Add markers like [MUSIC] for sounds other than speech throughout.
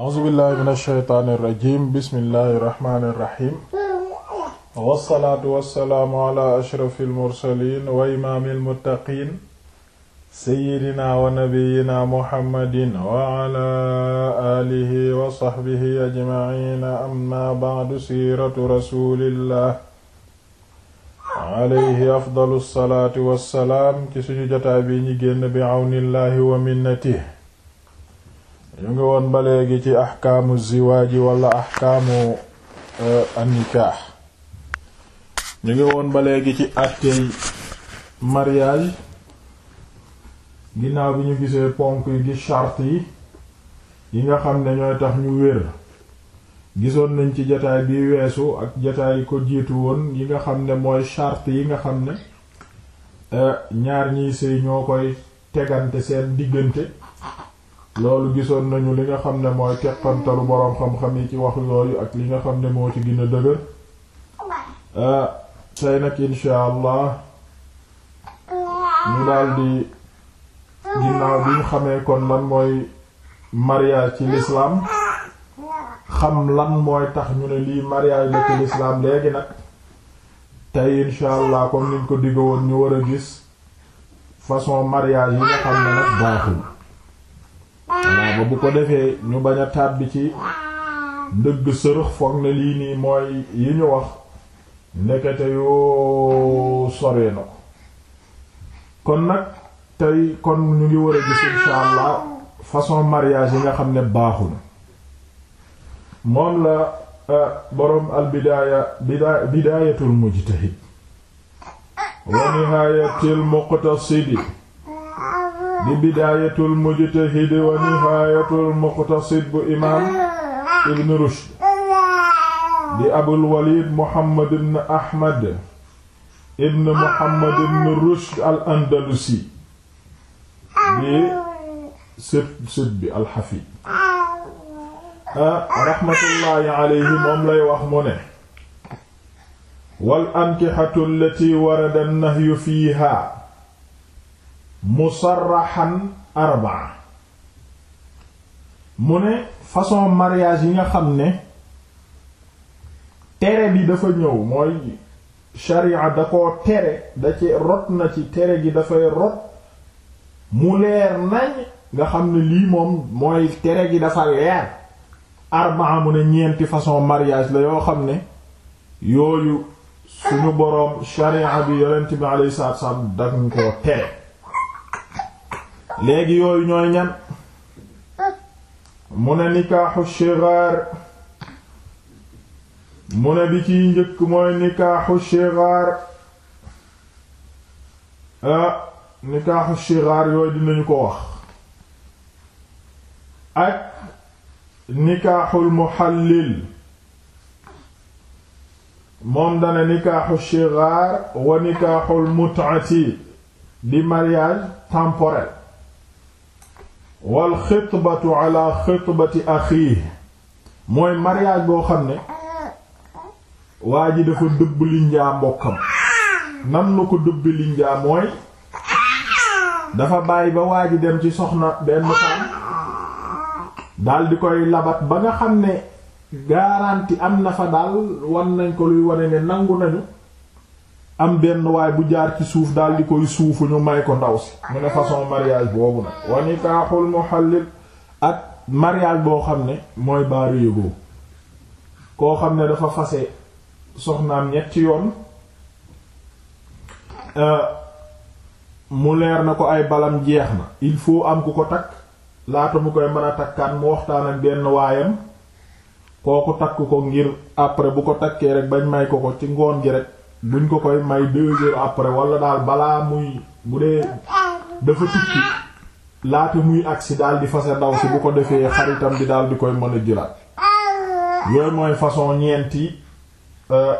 a'uuzu billahi mina shaytaani rajiim bismillahi rahmaani rahiim wassalaatu wassalaamu ala ashrafil mursaliin wa imaamil muttaqiin sayyidina wa nabiyyina muhammadin wa ala aalihi wa sahbihi ajma'iin amma ba'du siiratu rasuulillah alayhi afdalu salaatu wassalaam ci suñu jotaay bi ñi génn bi awnillahi wa minnatihi ñu ngi woon ba léegi ci axkaamu ziwaaji walla axkaamu eh, annikaax ñu ngi woon ba léegi ci àttey mariage ginnaaw bi ñu gisee ponk yi gi charte yi yi nga xam ne ñooy tax ñu wér gisoon nañ ci jataay bi weesu ak jataay ko jiitu woon yi nga xam ne mooy charte yi nga xam ne eh, ñaar ñiy sëy ñoo koy tegante seen diggante loolu gisoon nañu li nga xam ne mooy teqantalu boroom xam-xam yi ci wax yooyu ak li nga xam ne moo ci gën a dëgër ah, tey nag insha allah ñu daldi ginnaaw bi ñu xamee kon lan mooy mariage ci l'islam xam lan mooy tax ñu ne lii mariage la ci l'islam léegi nag tey insha allah comme niñ ko diggoon ñu war a gis façon mariage yi nga xam ne nag baaxul xanaa bu ko defee ñu bañ a tàbbi ci ndëgg sërëx foog na lii nii mooy yi ñu wax ndekete yoo soree na ko kon nag tey kon ñu ngi war a gis insha allah façon mariage yi nga xam ne baaxul moom la euh, boroom al bidaaya bidaayatul mujtahid wa nihaayatil muqtasidi di bidaayatul mujtahid wa nihaayatul muqtasid bu imaam ibn rushd di abul walid muhammad ibn ahmad ibn muhammad ibn rushd al andalusi di sët sët bi alxafid raxmatullaahi alayhi moom lay wax mu ne wal ankixatu allati warada nahyu fiihaa musarrahan arbaa mu ne façon mariage yi nga xam ne tere bi dafa ñëw mooy sharia da ko tere da ci rot na ci tere gi dafay rot mu leer nañ nga xam ne lii moom mooy tere gi dafa leer arbaa mu ne ñeenti façon mariage la yoo xam ne yooyu suñu boroom sharia bi yonent bi alayhi salaatu wasallam dañ koo tere léegi yooyu ñooy ñan hmm. mu ne nikaaxu shigaar mu ne bi ciy njëkk mooy nikaaxu shigaar ah nikaaxu yooyu dinañu ko wax ak nikaaxul muxallil moom dana nikaaxu shigaar wa nikaaxul mut'ati di mariage temporel wal xitbatu ala xitbati axiihi mooy mariage boo xam ne waa ji dafa dëbb linjaa mbokkam nan la ko dubb linjaa mooy dafa bàyyi ba waa ji dem ci soxna benn femme daal di koy labat ba nga xam ne garanti am na fa daal wan nañ ko luy wane ne nangu nañu am benn waay bu jaar ci suuf daal di koy suufu ñu may ko ndaw si mu ne façon mariage boobu nag wani kaaxul muhallil ak mariage boo xam ne mooy baaru yëgoo koo xam ne dafa fase soxnaam ñetti yoon euh, mu leer na ko ay balam jeex na il faut am ku ko takk laata mu koy mën a takkaan mu waxtaan ak benn waayam kooku takk ko ngir après bu ko takkee rek bañ may ko ko ci ngoon gi rek buñ ko koy may deux après wala daal balaa muy bu dee dafa tukki laata muy agsi daal di fase ndaw si bu ko defee xaritam bi daal di koy mën a jëlaat yooyu mooy façon ñeenti euh,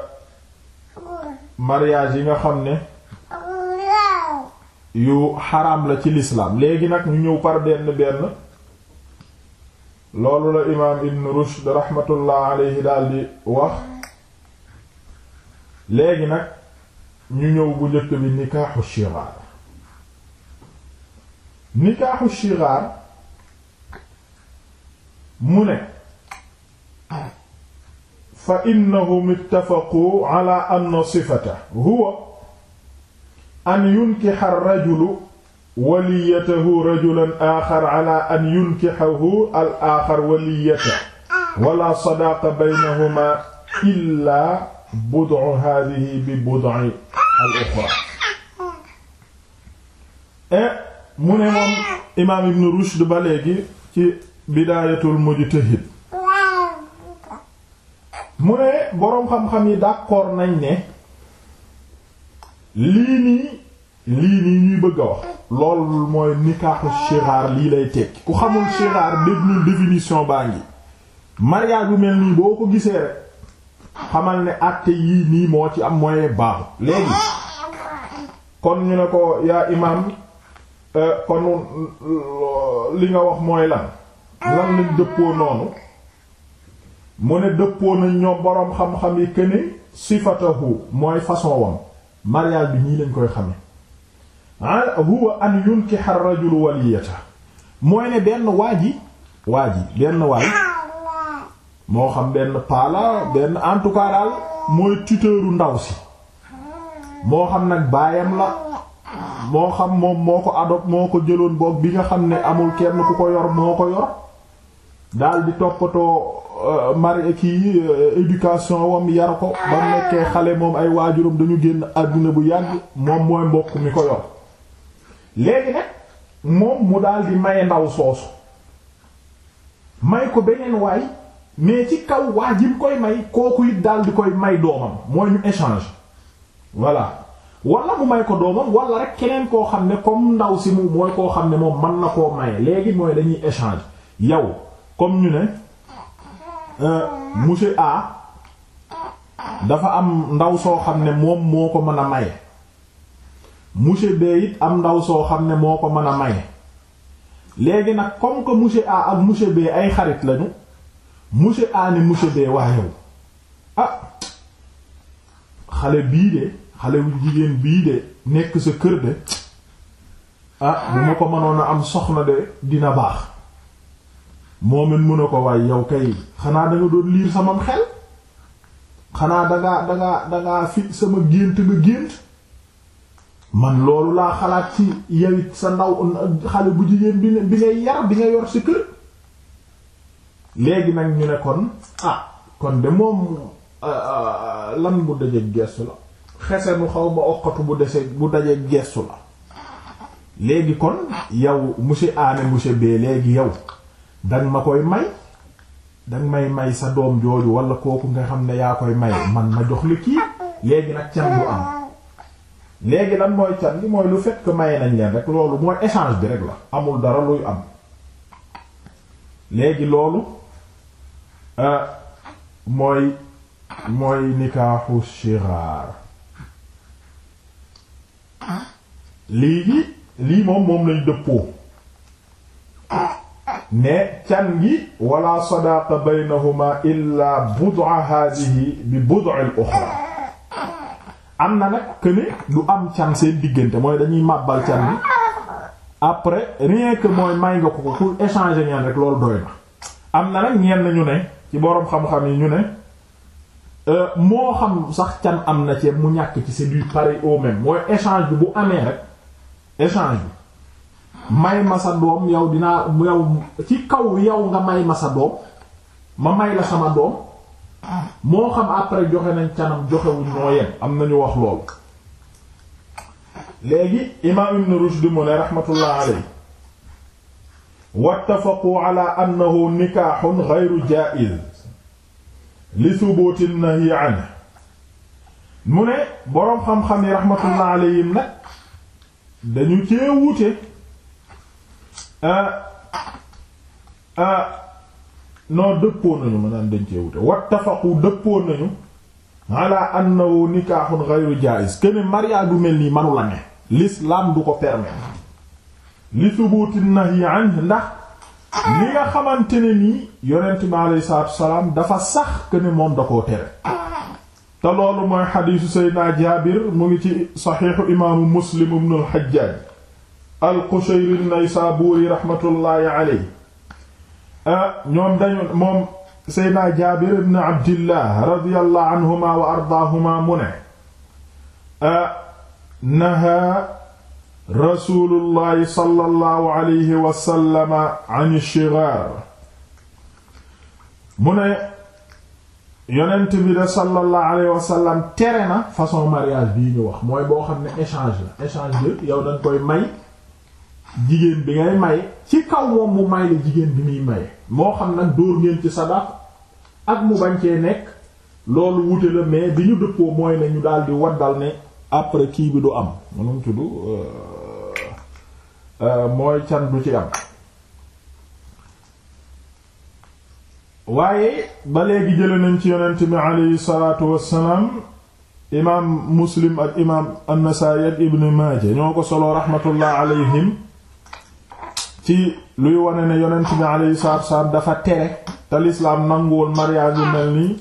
mariage yi nga xam ne yu xaram la ci lislaam léegi nag ñu ñëw par benn benn loolu la imaam Ibn Rushd rahmatullah alayhi daal di wax léegi nag ñu ñëw bu njëkk bi nikaaxu shiraar nikaaxu shiraar mu ne fa innahum ittafaquu ala anna sifata huwa an yunkixa rajulu waliyatahu rajulan aaxar ala an yunkixahu al aaxar waliyatahu wala sadaaqa baynahuma illaa budu eh, mu ne moom imaam ibn Rushd ba léegi ci bidaayatul mujtahid mu ne boroom xam-xam yi d'accord nañ ne lii nii lii nii ñuy bëgg a wax loolu mooy nikaaxu shiraar lii lay tekki ku xamul shiraar déglu définition baa ngi mariage bu mel nii boo ko gisee rek xamal ne àtte yii nii moo ci am mooy baaxu léegi kon ñu ne ko yaa imaam euh, kon euh, li nga wax mooy lan lan lañ dëppoo noonu mu ne dëppoo nañ ñoom boroom xam-xam yi këne sifatahu mooy façon wam mariage bi ñii lañ koy xame ah, huwa an yunkiha ar-rajulu waliyata mooy ne benn waa ji waa ji benn waay moo xam benn paala benn en tout cas daal mooy tuteuru ndaw si moo xam nag baayam la moo xam moom moo ko adopté moo ko jëloon boog bi nga xam ne amul kenn ku ko yor moo ko yor daal di toppatoo euh, mari kii euh, éducation wam yar ko ba nekkee xale moom ay waajuram dañu génn àdduna bu yàgg moom mooy mbokk mi ko yor léegi nag moom mu daal di maye ndaw soosu may ko beneen waay mais ci kaw waa ji mu koy may kooku it daal di koy may doomam mooy ñu échange voilà wala mu may ko doomam wala rek keneen koo xam ne comme ndaw si mu mooy koo xam ne moom mën na koo maye léegi mooy dañuy échange yow comme ñu ne euh, monsieur A dafa am ndaw soo xam ne moom moo ko mën a maye monsieur B it am ndaw soo xam ne moo ko mën a maye léegi nag comme que monsieur A ak monsieur B ay xarit lañu monsieur A ne monsieur B waaye ah, yow xale bii de xale wu jigéen bii de nekk sa kër de ah bu ma ko mënoon a am soxna de dina baax moom it mun a ko waaye yow kay xanaa da nga doon liir samam xel xanaa dangaa dangaa dangaa fi sama gént nga gént man loolu laa xalaat ci yawit sa ndaw xale bu jigéen bi bi ngay yar bi nga yor sa kër léegi nag ñu ne kon ah kon de moom euh, euh, lan bu dajeeg gestu la xesenu xaw ma oqatu bu dese bu dajeeg gestu la léegi kon yow monsieur A ne monsieur B léegi yow danga ma koy may danga may may sa doom jooju wala kooku nga xam ne yaa koy may man ma jox li kii léegi nag can bu am léegi lan mooy can li mooy lu fekk maye nañ leen rek loolu mooy échange bi rek la amul dara luy am léegi loolu Ah, mooy mooy nikaaxu shiraar ah. léegi lii moom moom lañ dëppoo ne can gi wala sadaaqa baynahuma illa bud'a hadihi bi bud'il uxra am na nag këne du am can seen diggante mooy dañuy màbbal can bi après rien que mooy may nga ko ko pour échanger ñaan rek loolu doy na am na nag ñeen nañu ne ci boroom xam-xam yi ñu ne euh, moo xam sax can am na ceeb mu ñàkk ci c'est du pareil au même mooy échange bi bu amee rek échange bi may ma sa doom yow dinaa yow ci kaw yow nga may ma sa doom ma may la sama doom moo xam après joxe nañ canam joxewuñ noo yem am nañu wax loolu léegi imaam Ibn Rushd mu ne rahmatullah alayhi wattafaqu ala annahu nikaaxun geyru jaiz li subuuti nahyi anhu mu ne boroom xam-xam yi rahmatullah alayhim nag dañu cee wuute ah, ah, non dëppoo nañu ma naan dañ cee wuute wattafaqu dëppoo nañu ala annahu nikaaxun geyru jaiz kene mariage bu mel nii manu la ne l'islam du ko permettre li thubuti nahyi anhu ndax li nga xamante ne nii yonent bi dafa sax que moom da tere te loolu mooy seydina jaabir mu ngi ci saxiixu imaamu muslim ibnu al al-Qushayri an-Naysaabuuri raxmatullaahi aleyhi ah, ñoom dañu moom seydina jaabir ibnu abdillah radiyallaahu anhumaa wa ardaahuma mu ne ah, naha rasuulullahi sallallahu alayhi wa sallama an shigaar mu ne yonent bi de sallallahu alayhi tere na façon mariage bii ñu wax mooy boo xam ne échange la échange yow dañ koy may jigéen bi ngay may ci kaw mu may jigéen bi muy maye moo xam nag dóor ngeen ci sadaq ak mu bañ cee nekk loolu wute la mais bi ñu dëppoo mooy ne ñu daal di waddal ne après kii bi du am manum tudd euh, Euh, mooy can du ci am waaye ba léegi jële nañ ci yonent bi aleyhi salaatu wassalaam imaam muslim ak imaam an-Nasaa'i ak ibn Maaja ñoo ko solo raxmatullah aleyhim ci luy wane ne yonent bi aleyhi salaatu wassalaam dafa tere te lislaam nanguwul mariage yu mel nii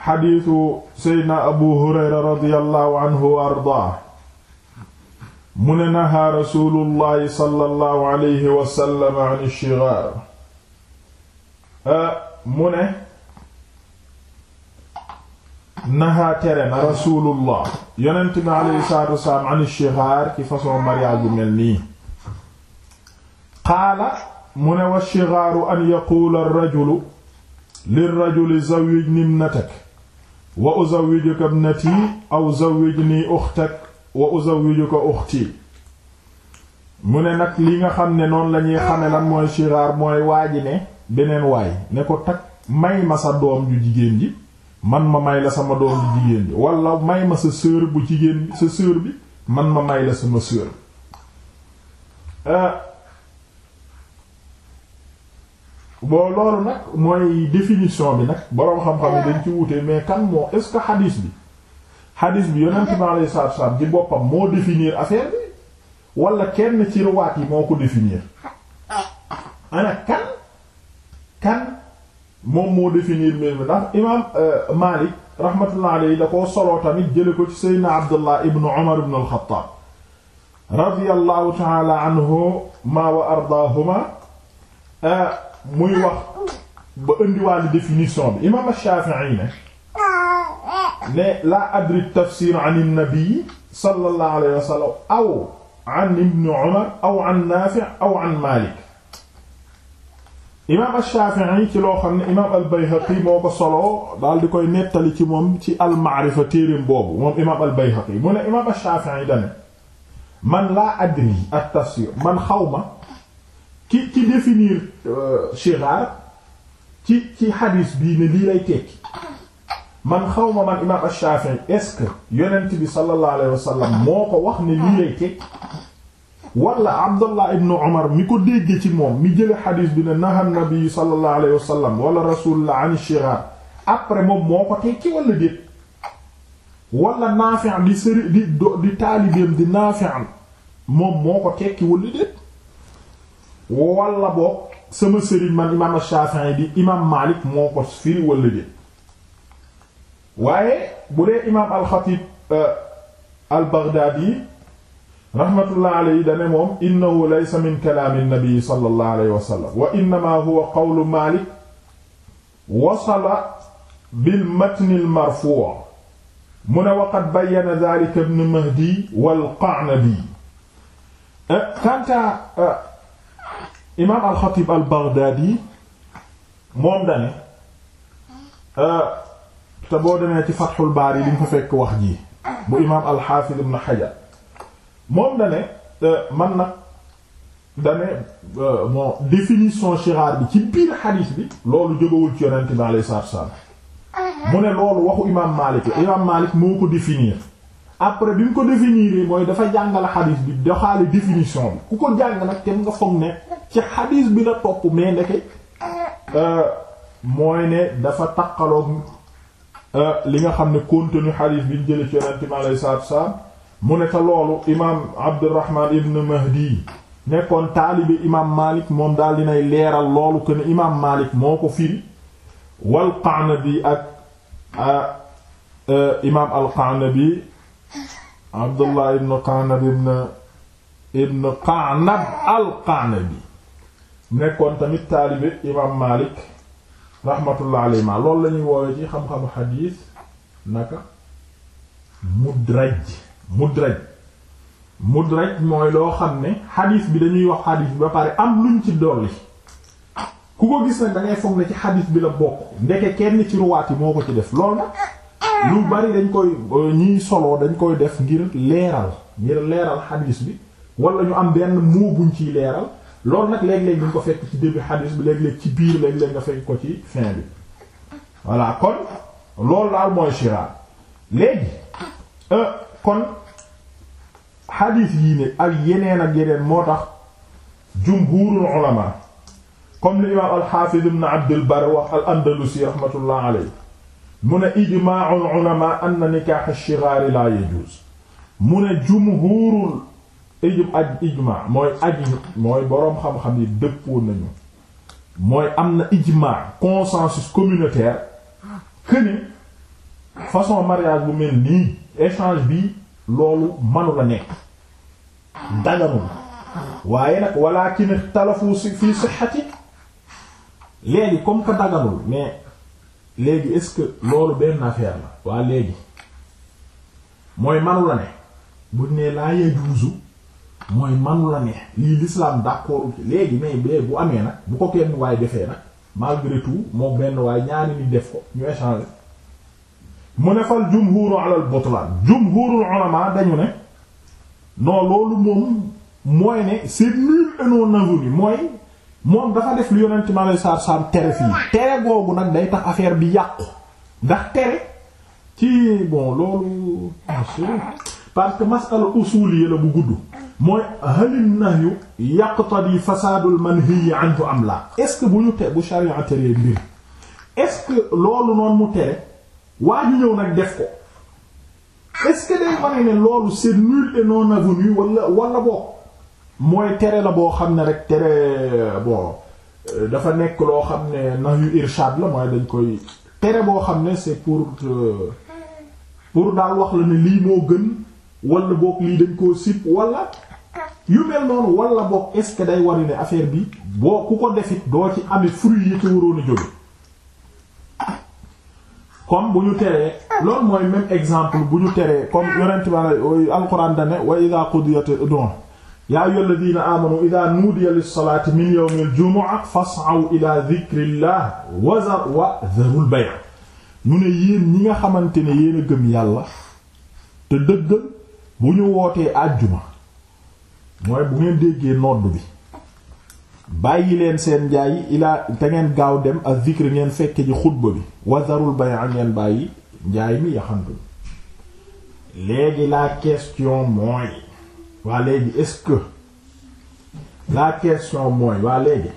xadiisu seydna abu hurayra radiyallahu anhu wa ardaa mu ne nahaa rasulullahi sallallahu alayhi wasallam an shigaar ah, mu ne nahaa tere na rasulullah yonent bi alayhi salaatu wasalaam an shigaar ci façon mariage bu mel nii qaala mu ne wa shigaaru an yaquula ar-rajulu lir-rajuli zawwijnii ibnatak wa uzawwijuka ibnatii aw zawwijnii uxtak wa uzawwijuka uxti mu ne nag li nga xam ne noonu lañuy ñuy xame lan mooy shiraar mooy waaji ne beneen waay ne ko takk may ma sa doom ju jigéen ji man ma may la sama doom ju jigéen ji wala may ma sa sœur bu jigéen bi sa sœur bi man ma may la sama sœur bi euh, boo loolu nag mooy définition bi nag boroom xam-xam yi dañ ci wute mais kan moo est-ce que hadith bi xadis bi yonent bi alayhi salaatu wasallam ci boppam moo définir affaire bi wala kenn ci ruwaat yi moo ko définir ana kan kan moom moo définir mbir mi ndax imaam euh, Maalik rahmatullah alayhi da koo soloo tamit jële ko ci Seydina Abdullah ibn Umar ibn al-Khattab radiyallahu ta'ala anhuma wa ardaahuma euh, muy wax ba indiwaale définition bi imaam Shaafi'i ne ne la adri tafsir an nabi sallallahu alayhi wa sallam aw an ibn Umar aw an Naafi aw an Maalik imaam Ash-Shaafi'i ci loo xam ne imaam al-Bayhaqi moo ko soloo daal di koy nettali ci moom ci al-Ma'rifa téereem boobu moom imaam al-Bayhaqi mu ne imaam Ash-Shaafi'i dane man laa adri at-tafsir man xawma ki ci définir euh, shirar ci ci xadiis bii ne lii lay tekki man xaw ma man imaam Shafi'i est-ce que yonent bi sallallahu alayhi wa moo ko wax ne lii lay teg wala Abdullah ibn Umar mi ko dégge ci moom mi jële xadiis bi na naha nabi sallallahu alayhi wa sallam an shirar après moom moo ko tekki wala déet wala Naafi' di sëri di di taalibeem di Naafi' sama sëriñ man imaam Shafi'i di imaam Maalik moo ko firi wala déet waaye bu dee imaam alxatib euh, al-Baghdadi rahmatullah alayhi dane moom innahu laysa min kalaami nabi sallallahu alayhi wa sallam wa innama huwa qawlu Maalik wasala bil matni al-marfuu' mu ne waqad bayyana dhalika ibn Mahdi wal Qa'nabi kanta euh, euh, imaam alxatib al-Baghdadi moom dane te boo demee ci Fathul Baari yi nga fa fekk wax ji bu imaam al-Hafiz ibn Hajar moom da euh, man nag da ne bon shiraar bi ci biir xadiis bi loolu jógawul ci yonent bi alayhi salaatu wa uh-huh. mu ne loolu waxu imaam Maalik la imaam Maalik moo ko définir après bi ko définir yi mooy dafa jàngal xadiis bi doxaale définition bi ku ko jàng nag kenn nga foog ne ci xadiis bi na topp mais ndeke uh-huh. euh, mooy ne dafa takkaloog Euh, li nga xam ne contenu xadiis bi ñu jëlee ci yonent mi alayhi mu ne te loolu imaam Abdurrahman imaam Maalik moom daal dinay leeral loolu que ne imaam moo ko firi wal Qanabi ak euh, euh, imaam al Qanabi Abdullah ibn Qanab imaam Maalik rahmatullah alayhima loolu la ñuy woowee ci xam-xamu xadiis naka mudraj mudraj mudraj mooy loo xam ne xadiis bi dañuy wax xadiis bi ba pare am luñ ci dolli ku ko gis nag da foog ne ci xadiis bi la bokk ndeke kenn ci ruwaat yi moo ko ci def loolu nag lu bari dañ koy euh, ñiy soloo dañ koy def ngir leeral ngir leeral xadiis bi walla ñu am benn moo buñ ciy leeral loolu nag léeg-léeg ñu fekk ci début xadiis bi léeg-léeg ci biir léeg-léeg nga fekk ci fin bi voilà kon loolu daal mooy shiraar léegi euh, kon xadiis yii ne ak yeneen ak yeneen moo tax jumhurul ulama comme li imaam al-Hafiz ibn Abd al al-Andalusi rahmatullah alayhi mu ne ijma'ul ulama anna nikah ash-shighar la yajuz mu ne jumhurul ijum aj ijma mooy aj mooy boroom xam-xam yi dëppoo nañu mooy am na ijma consensus communautaire que façon mariage bu mel nii échange bi loolu manu la nekk daganul waaye nag walakin ixtalafu fi sihhati léegi comme que daganul mais léegi est-ce que loolu benn affaire la waa léegi mooy manu ne buñ ne laa yajuuzu mooy man la ne lii l'islam d'accord léegi mais bee bu amee nag bu ko kenn waay defee nag malgré tout moom benn waaye ñaari ni def ko ñu échanger mu ne fal jumhuru ala al butlan jumhurul ulama dañu ne non loolu moom mooy ne c'est nul et non avenu mooy moom dafa def lu yonent ma saar tere fii tere googu nag day tax affaire bi yàqu ndax tere ci bon loolu parce que masala usul yi la bu gudd mooy halin nahyu yaqtadi fasaadul man manhiyi anhu am la est-ce que bu ñu te bu sharia teree mbir est-ce que loolu noonu mu tere waa ñu ñëw nag def ko est day wane ne loolu c'est nul et non avenu wala mooy tere la boo xam ne rek tere bon euh, dafa nekk loo xam ne nahyu irshad la mooy dañ koy tere boo xam ne c'est pour euh, pour daal wax la ne lii moo gën wala boog lii dañ koo sib wala yu mel noonu wala boog est-ce que day ne affaire bi boo ku ko defit doo ci amit fruit yi ci waroon jóge comme bu ñu teree loolu mooy même exemple bu ñu teree comme yonent ba wa ida qudiyat don yaa ayyuha amanu ida nuudiya lis-salati min yawmi al-jumu'a fas'aw ila dhikrillah wa dharul bay' ñu ne yéen ñi nga xamante ne yéen a gëm yàlla te dëggal bu ñu wootee àjjuma mooy bu ngeen déggee nodd bi bàyyi leen seen njaay ilaa te ngeen gaaw dem ak zikri ngeen fekke ji xutba bi wazarul bay'a ngeen bàyyi njaay mi yaxantu bi léegi la question mooy waa léegi est-ce que la question mooy waa léegi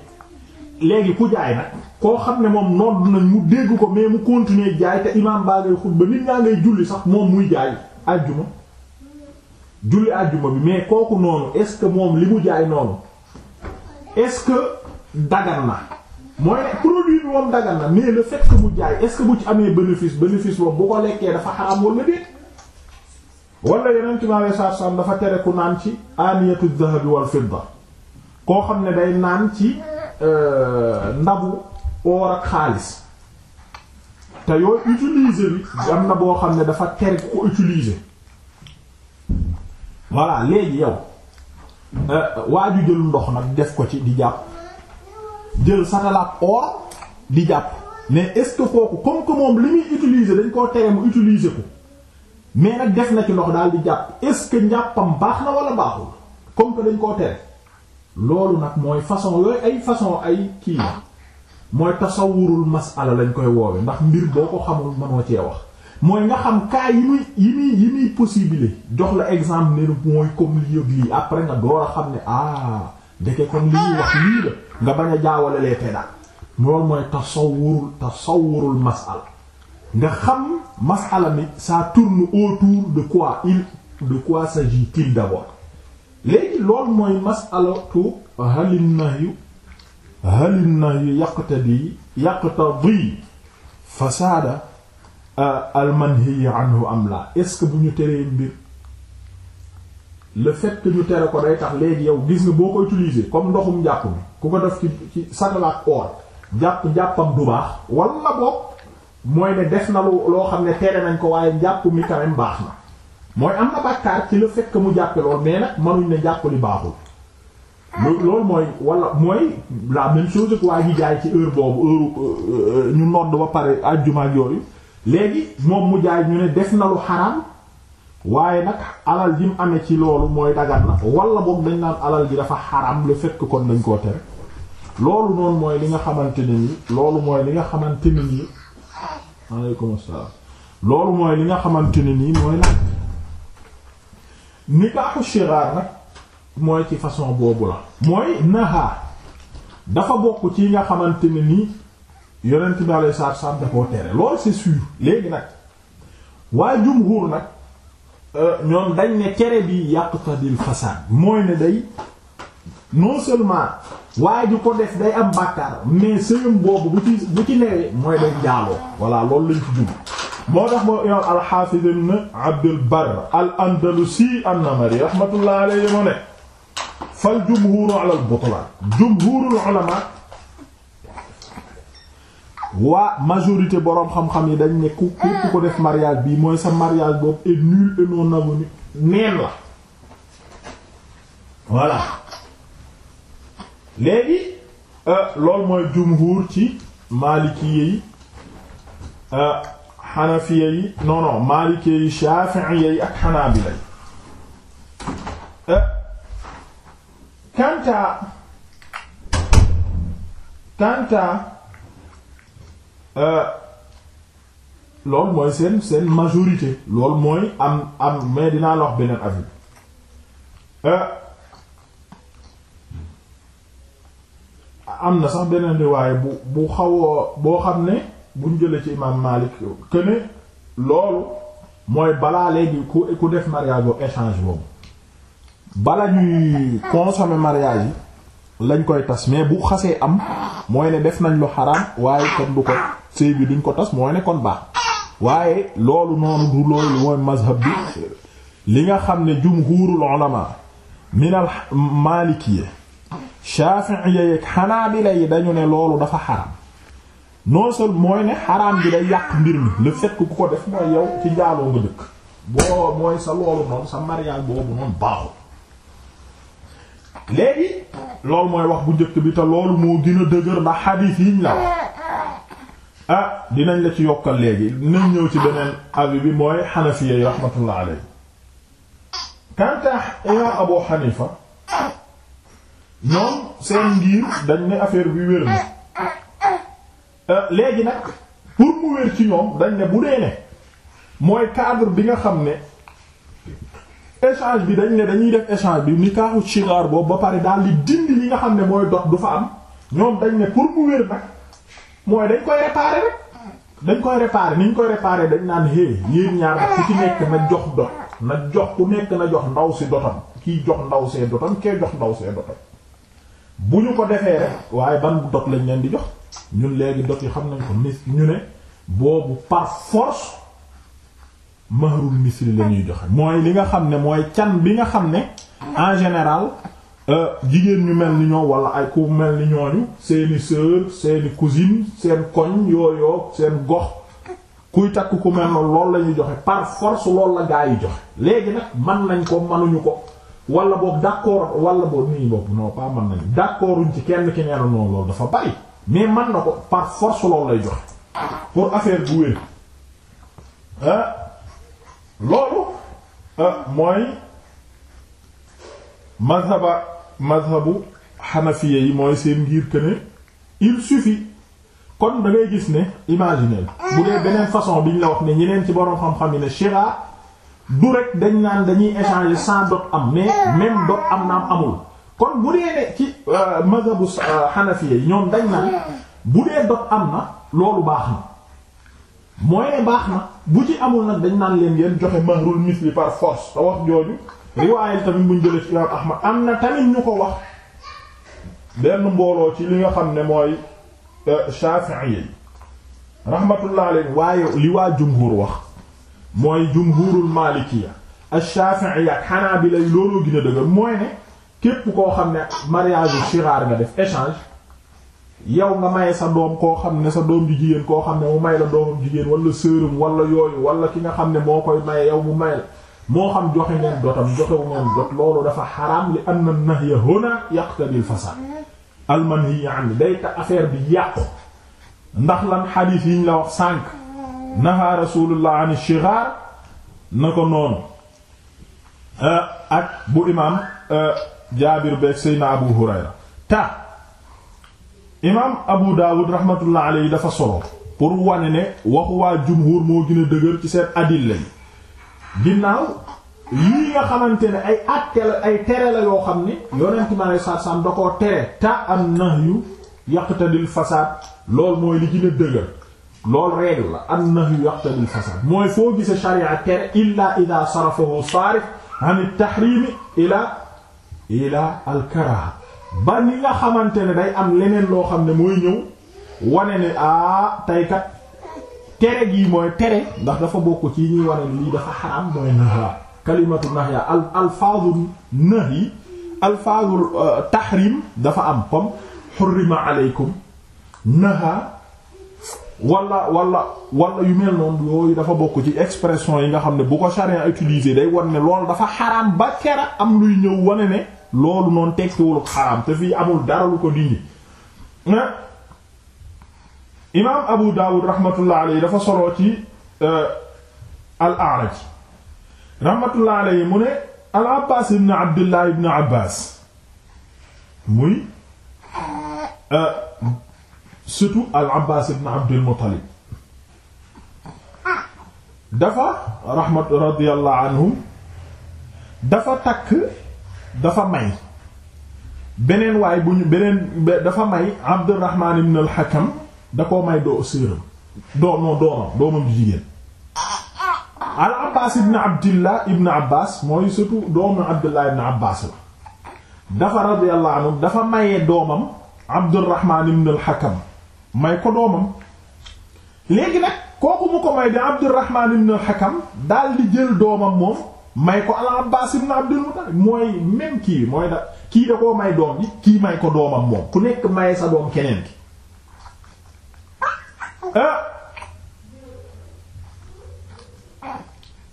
léegi ku jaay nag koo xam ne moom nodd nañ mu dégg ko mais mu continuer jaay te imaam baa ngay xutba nit ñaa ngay julli sax moom muy jaay àjjuma julli àjjuma bi mais kooku noonu est-ce que moom li mu jaay noonu est-ce que dagan na mooy moom dagan na mais le fait que mu jaay est bu ci amee bénéfice bénéfice moom bu ko lekkee dafa xaraam wala déet wala yeneen ci maale sarsam dafa tere ku naan ci aniyatu dhahabi wal fidda koo xam ne day naan ci euh, ndabu oor ak xaalis te yooyu utiliser bi am na boo xam ne dafa tere ku ko voilà léegi yow euh, waa ju jël ndox nag def ko ci di jàpp jël satalaat or di jàpp mais est-ce que kooku comme que moom li muy utiliser dañ koo tere mu utiliser ko mais nag def na ci ndox daal di jàpp est-ce que njàppam baax na wala baaxul comme que dañ koo tere loolu nag mooy façon yooyu ay façon ay kii mooy tasawurul masala lañ koy woowe ndax mbir boo ko xamul mënoo cee wax mooy nga xam cas yi muy yi muy yi jox la exemple ne mooy comme lii ak lii après nga door a xam ne ah ndeke comme li ñuy wax lii la nga bañ a jaawale les pédales loolu mooy tasawurul tasawurul masala nga xam masala mi sa tourne autour de quoi il de quoi s'agit-il d'abord léegi loolu mooy masalatu halin nahyu halin nahyu yaqtadi yaqtadi fasada Euh, almanhiyi anhu am laa est bu ñu teree mbir le fait ñu tere ko day tax léegi yow gis nga boo ko utiliser comme ndoxum jàpp bi ku ko def ci ci sagalaat or jàpp jàppam du baax wala boog mooy ne def na loo xam ne tere nañ ko waaye jàpp mi quand même baax na mooy am na bàkkaar ci le fekk mu jàppe lool mais nag mënuñ ne jàpp li baaxul lool mooy wala mooy la même chose que waa ji jaay ci heure boobu heure euh, euh, ñu nodd ba pare àjjuma ak yooyu léegi moom mu jaay ñu ne def na lu xaraam waaye nag alal ji mu amee ci loolu mooy dagan na wala boog dañ naan alal ji dafa xaraam le fait que kon dañ koo tere loolu noonu mooy li nga xamante ne ni loolu mooy li nga xamante ne ni aleykum salaam loolu mooy li nga xamante ne ni mooy nag nikaaxu shiraar nag mooy ci façon boobu la mooy naha dafa bokk ci yi nga xamante ne ni yonent bi alayhi salaatu salaam da tere loolu c'est sûr léegi nag waa jumhur nag euh, ñoom dañ ne cere bi yaqtadil fasaad mooy ne day non seulement waa ji ko def day am bàkkaar mais sëyum boobu bu ci bu ci newee mooy day njaaloo voilà loolu lañ ci jub al-Hafiz Abdul Barr al-Andalusi an-Namari rahmatullah alayhi mu ne fal jumhuru ala al-butlan jumhurul ulama waa majorité boroom xam-xam yi dañ ne ku képp ko def mariage bi mooy sax mariage boobu est nul neen la voilà léegi euh, loolu mooy jumhur ci maalikiyé yi xanafiya euh, yi non non maalikiyé yi shafi'iyé ak xanaabila yi kanta euh, kanta Euh, loolu mooy seen seen majorité loolu mooy am am mais dinaa la wax beneen avis euh, am na sax beneen riwaaye bu bu xawoo boo xam ne buñ jëlee ci imam Malik que ne loolu mooy balaa léegi ku ku def mariage boobu échange boobu bala ñuy consommer mariage yi lañ koy tas mais bu xasee am mooy ne def nañ lu xaraam waaye kon du ko sëy bi duñ ko tas mooy ne baax waaye loolu noonu du loolu mooy mazhab bi li nga xam ne jumhurul ulama min al maalikiyya shafi'iyya yeeg xanaabila yi dañu ne loolu dafa xaram non seulement mooy ne xaraam bi day yàq mbir mi le fait ku ko def mooy yow ci njaaloo nga dëkk boo mooy sa loolu noonu sa mariage boobu noonu baaxul léegi loolu mooy wax bu jëkk bi te loolu moo gën a dëgër ndax xadiis yiñ la wax Ah, dinañ la ci yokkal léegi nañ ñëw ci beneen avis bi mooy xanafiya yi rahmatullah alayhi kanta imaam Abu Xanifa ñoom seen ngir dañ ne affaire bi wér na euh, léegi nag pour mu wér ci ñoom dañ ne bu dee mooy cadre bi nga xam ne échange bi dañ ne dañuy def échange bi ni kaaxu shigar boobu ba pare daal di dindi li nga xam ne mooy dox du fa am ñoom dañ ne pour mu wér nag mooy dañ koy réparer rek dañ koy réparer ni ñu koy réparer dañ naan hey yéen ñaar nag ku ci nekk na jox dot na jox ku nekk na jox ndaw si dotam kiy jox ndaw see dotam kee jox ndaw see dotam bu ñu ko defee rek waaye ban dot lañ leen di jox ñun léegi dot yi xam nañ ko mis ñu ne boobu par force mahrul misli la ñuy joxe mooy li nga xam ne mooy can bi nga xam ne en général Euh, jigéen ñu mel ni ñoo wala ay ku mel ni ñooñu seeni sœur seeni cousine seen koñ yooyoo seen gox kuy takk ku mel noonu loolu la ñuy joxe par force loolu la gaa yi joxe léegi nag man nañ ko manuñu ko wala boobu d'accord wala boobu nii boobu non pas man nañ d'accorduñ ci kenn ki neena noonu loolu dafa bari mais man na ko par force loolu lay joxe pour affaire bu euh, loolu euh, mooy mazhaba mazhabu xanafiya yi mooy seen ngir que ne il suffit kon da gis ne imaginer bu dee beneen façon bi ñu la wax ne ñeneen ci boroom xam-xam yi ne shira du rek dañ naan dañuy échanger sant dot am mais même dot am naam amul kon bu dee ne ci euh, mazhabu xanafiya euh, yi ñoom dañ naan bu dee dot am na loolu baax na mooy ne baax na bu ci amul nag dañ naan leen ngeen joxe mahrul misli par force te wax jooju riwaayel tamit buñ jëlee ci imaam Ahmad am na tamit ñu ko wax benn mbooloo ci li nga xam ne mooy euh, Shafi'i yi rahmatullah waaye li waa jumhur wax mooy jumhurul maalikiya ash-Shafi'iyya ak Hanabila lay looloo gën a dëgër mooy ne képp koo xam ne mariage yu siraar nga def échange yow nga maye sa doom koo xam ne sa doom ju jigéen koo xam ne mu may la doomam jigéen wala sëram wala yooyu wala ki nga xam ne moo koy maye yow mu may la moo xam joxe ngeen dotam joxewu ngeen dot loolu dafa xaraam li anna nahya huna yaqtadi al fasad al manhi an day ta affaire bi yàqu ndax lan xadiis yiñ la wax sànq naha rasulullah an shighar na ko noonu ak bu imaam jaabir beeg seyna abu hurayra ta imaam abu daawud rahmatullah alayhi dafa solo pour wane ne waxu waa jumhur moo gën a dëgër ci seen adilla ginnaaw yii nga xamante ne ay àtte la ay tere la yoo xam ne yonent ma lay sarsam da koo tere ta am nahyu yaqtadil fasaad lool mooy li gën dëgër lool règle yu an nahyu yaqtadil fasaad mooy foo gise sharia tere illa ida sarafahu saarif an at-tahrimi ila ila ba ni nga xamante ne day am leneen loo xam ne mooy ñëw wane ne a ah, taykat tere gii mooy tere ndax dafa bokk ci ñuy wane lii dafa xaraam mooy naha kalimatu nahya al alfaazul nahi alfaazul euh, tahrim dafa am comme hurrima aleykum naha wala wala wala yu mel noonu yooyu dafa bokk ci expression yi nga xam ne bu ko charia utiliser day won ne loolu dafa xaraam ba kera am luy ñëw wane ne loolu noonu tekkiwul xaraam te fii amul dara lu ko dindi imaam Abu Dawud rahmatullah alayhi dafa soloo ci euh, al-A'raj rahmatullah alayhi mu ne al-Abbaas ibn Abdullah ibn Abbaas muy euh, surtout al-Abbaas ibn Abdul Muttalib dafa rahmat radiyallahu anhum dafa takk dafa may beneen waay bu ñu beneen dafa may Abdurrahmaan ibn al-Hakam da koo may doo séeram doom doomam doomam di jigéen al abbas ibn abdillah ibn abbas mooy surtout doomu abdillah ibn abbas la dafa radiyallahu anhu dafa mayee doomam abdurrahman ibn al hakam may ko doomam léegi nag kooku mu ko may di abdurrahman ibn al hakam daal di jël doomam moom may ko al abbas ibn abdul mooy même kii mooy da kii da koo may doom kii may ko doomam moom ku nekk maye sa doom keneen ki Ah.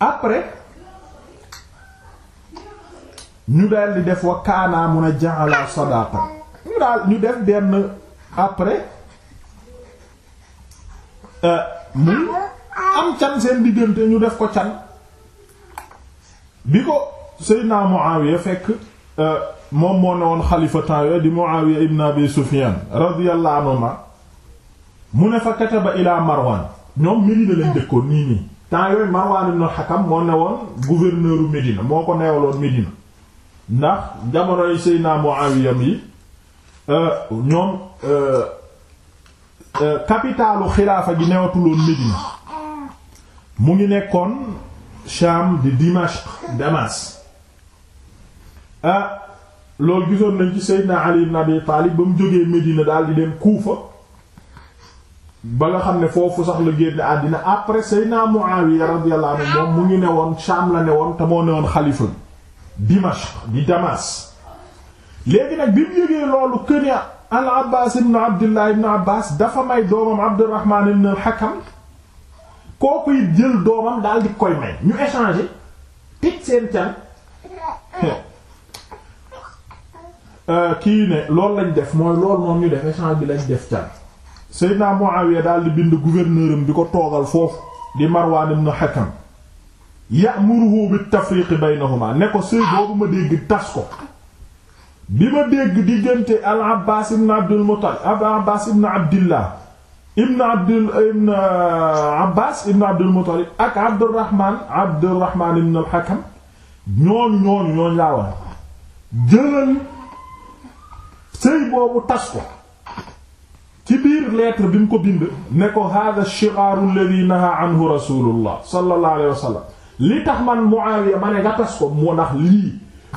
après ñu dal di def wa kaanaa mun a jaxalaa ñu daal ñu def benn après euh, muy am can seen diggante ñu def ko can bi ko Seydina Muawiya fekk euh, moom moo ne woon xalifa temps di Muawiya ibn Abi Sufyan radiyallahu anhu mu ne fa kataba ilaa Marwan ñoom Médina lañ dëkkoon nii nii temps yooyu Marwan ibn Hakam moo ne woon gouverneur Médina moo ko neewaloon Médina ndax jamonoy Seydina Muawiya yi euh, ñoom euh, euh, capitalu xilaafa gi newatuloon Médina mu ngi nekkoon Sham di Dimashq Damas ah loolu gisoon nañ ci Seydina Ali ibn Abi ba mu jógee Médina daal di dem Kuufa ba nga xam ne foofu sax la génn àddina après Seydina Muawiya radiyallahu anhu moom mu ngi ne woon Sham la ne woon te moo ne woon xalifa bi Dimashq di Damas léegi nag bi mu yëgee loolu këne al Abbaas ibn Abdullah ibn Abbaas dafa may doomam Abdurrahman ibn al-Hakam kooku it jël doomam daal di koy may ñu échanger teg seen can [LAUGHS] euh, kii ne loolu lañ def mooy loolu moom ñu def échange bi lañ def can Seydina Muawiya daal di bind gouverneur am bi ko toogal foofu di Marwan ibn Hakam ya'muruhu bit tafriqi baynahuma ne ko sëy boobu ma dégg tas ko bi ma dégg diggante al Abbas ibn Abdul Muttalib al ibn Abdillah ibn Abdul ibn uh, Abbas Abdul Muttalib ak Abdurrahman ibn al Hakam ñooñ ñooñ laa wax jëlal sëy boobu tas ko ci biir lettre bi mu ko bind ne ko hada shigaaru alladhi naha anhu rasulullah sallallahu alayhi li tax man Muawiya ma ne nga tas ko moo ndax lii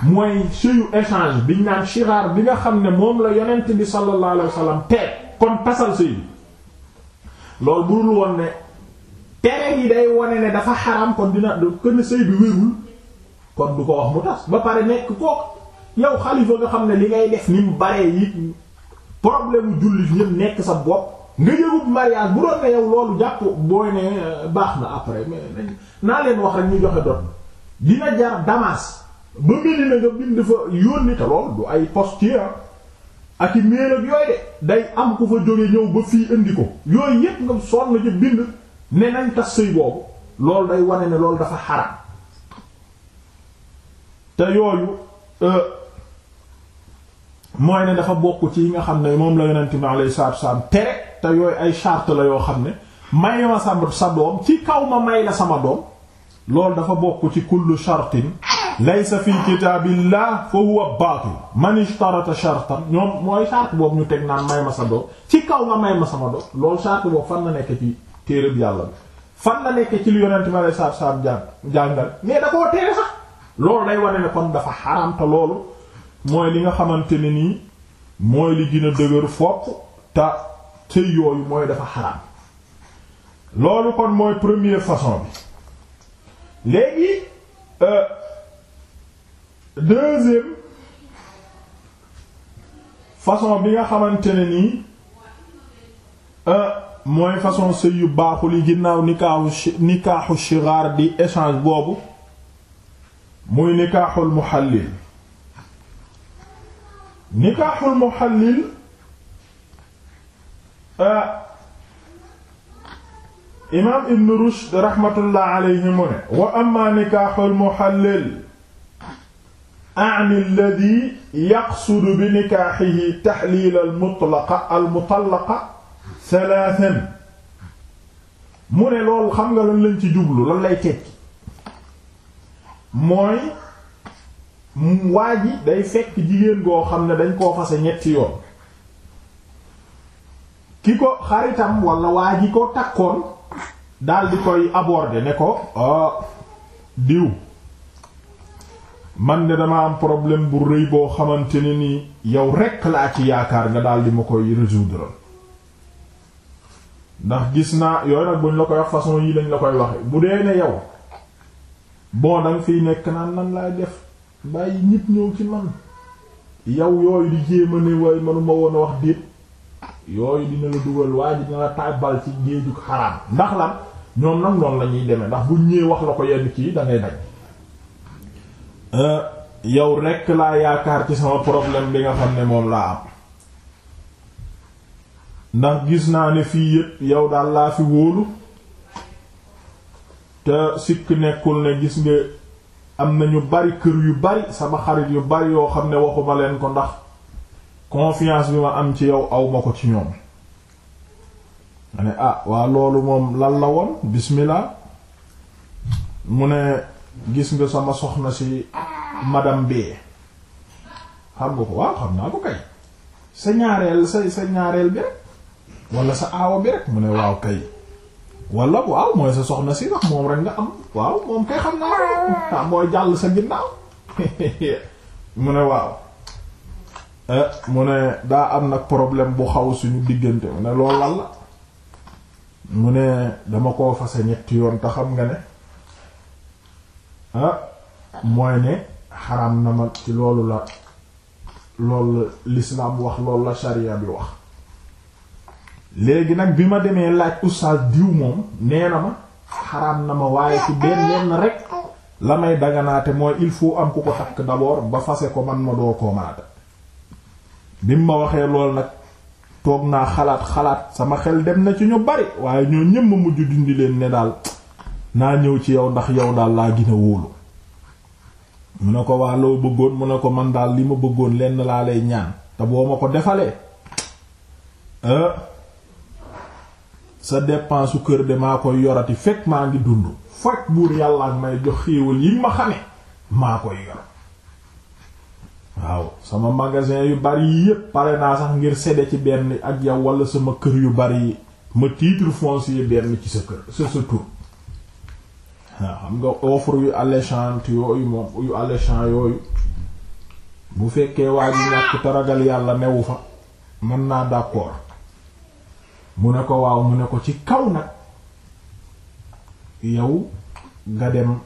mooy suyu échange biñ naan shigaar bi nga xam ne moom la yonent bi sallallahu alayhi wa sallam te kon tasal sëy bi loolu bu dul woon ne tere yi day wone ne dafa xaram kon dina kën sëy bi wérul kon du ko wax mu tas ba pare nekk ko yow xalifa nga xam ne li ngay def ni mu baree yi problème jullit ñëpp nekk sa bopp nga yëgub mariage bu doon ne yow loolu jàpp booy ne euh, baax na après mais naa leen wax rek ñu joxe dot dina jar Damas ba meli na nga bind fa yónni te lool du ay postier ah. ak i mail yooyu day am ku fa jóge ñëw ba fii indi ko yooyu yépp nga sonn ci bind ne nañ tas sëy boobu loolu day wane ne loolu dafa xaram te yooyu euh, mooy ne dafa bokk ci yi nga xam ne moom la yonent bi alayhi salaatu wasallam tere te yooyu ay charte la yoo xam ne may ma sa sa doom ci kaw ma may la sama doom loolu dafa bokk ci kullu shartin laysa fi kitaabillah fa huwa baatil man ishtarata shartan ñoom mooy charte boobu ñu teg naan may ma sa ci kaw ma may ma sama doom loolu charte boobu fan la nekk ci téereb yàlla bi fan la nekk ci li yonent bi alayhi salaatu wasallam jàng jàngal mais da koo tere sax loolu day wane ne kon dafa xaraam te loolu mooy li nga xamante ne nii mooy li gën a dëgër fopp te sëy yooyu mooy dafa xaraam loolu kon mooy première façon bi léegi euh, façon bi nga xamante ne nii euh, mooy façon sëy yu baaxul yi ginnaaw nikaaxu nikaaxu shiraar di échange boobu muy nikaaxul muhallil nikaaxul muhallil ah, imaam ibn rushd raxmatullah alayhi mu ne wa amma nikaaxul muhallil ani alladi yaqsudu bi nikaaxihi taxliil almutlaqa almutallaqa salaasan mu ne loolu xam nga lan lañ ci jublu lan lay tekki mooy waa ji day fekk jigéen goo xam ne dañ koo fase ñetti yoon ki ko xaritam wala waa ji ko takkoon daal di koy aborder ne ko ah diw man de dama am problème bu rëy boo xamante ne ni yow rekk laa ci yaakaar nga daal di ma koy résoudre ndax gis naa yooyu nag buñ la koy wax façon yi lañ la koy waxe bu dee ne yow bon danga fiy nekk naan nan laay def bàyyi ñépp ñëw ci man yow yooyu di jéema ne waaye manuma woon a wax déet yooyu dina la dugal waa ji dina la tàbbal ci géejug xaraam ndax lan ñoom nag noonu lañuy ñuy ndax bu ñëwee wax la ko yenn ci da ngay daj eh, yow rekk laa yaakaar ci sama problème bi nga xam ne moom laa am ndax gis naa ne fii yépp yow daal laa fi wóolu te sikk nekkul ne gis nga am na ñu bari kër yu bari sama xarit yu bari yoo xam ne waxuma leen ko ndax confiance bi ma am ci yow awma ko ci ñoom ma ne ah waa loolu moom lan la woon bismillah mu ne gis nga sama soxna si madame B xam nga ko waaw xam naa ko kay sa ñaareel sa sa ñaareel bi rek wala sa aawa bi rek mu ne waaw kay wala waaw mooy sa soxna si ndax moom rek nga am waaw moom kay xam naa mooy jàll sa ginnaaw [LAUGHS] mu ne waaw eh, mu ne daa am nag problème bu xaw suñu diggante mu ne lool lan la mu ne dama koo fase ñetti yoon te xam nga ne ah mooy ne xaram na ma ci loolu la loolu l'islam wax loolu la sharia bi wax léegi nag bi ma demee laaj oustaz diw moom nee na ma xaraam na ma waaye ci benn lenn rek la may daganaate mooy il faut am ku ko takk d'abord ba fase ko man ma doo koo maata bi mu ma waxee lool nag toog naa xalaat xalaat sama xel dem na ci ñu bari waaye ñoo ñëm ma mujj dindi leen ne daal naa ñëw ci yow ndax yow daal laa gën wóolu mu ne ko waa loo bëggoon mu ne ko man daal li ma bëggoon lenn laa lay ñaan te boo ma ko defalee eh, sa dépense su kër de maa koy yorati fekk maa ngi dund fekk buur yàlla ak may jox xéewal yi ma xame maa koy yor waaw sama magasin yu bari yi yépp pare naa sax ngir sede ci benn ak yow wala sama kër yu bari yi ma titre foncier benn ci sa kër sa sa tur waaw xam nga offre yu alléchante yooyu moom yu alléchant yooyu bu fekkee waa ji ñàkk yàlla newu fa mën naa d'accord mu ne ko waaw mu ne ko ci kaw nag yow nga dem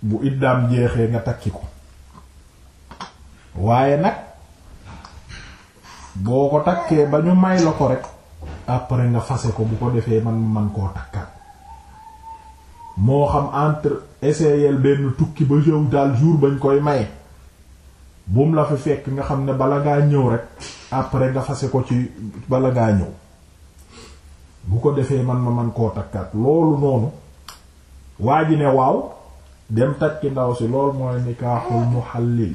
bu iddaam jeexee nga takki ko waaye nag boo ko takkee ba ñu may la ko rek après nga fase ko bu ko defee man man koo takkaat moo xam entre essayer benn tukki ba yow daal jour bañ koy maye buum la fi fekk nga xam ne bala ngaa ñëw rek après nga fase ko ci bala ngaa ñëw bu ko defee man ma man koo takkaat loolu noonu waa ji ne waaw dem takki ndaw si loolu mooy nikaaxul muhallil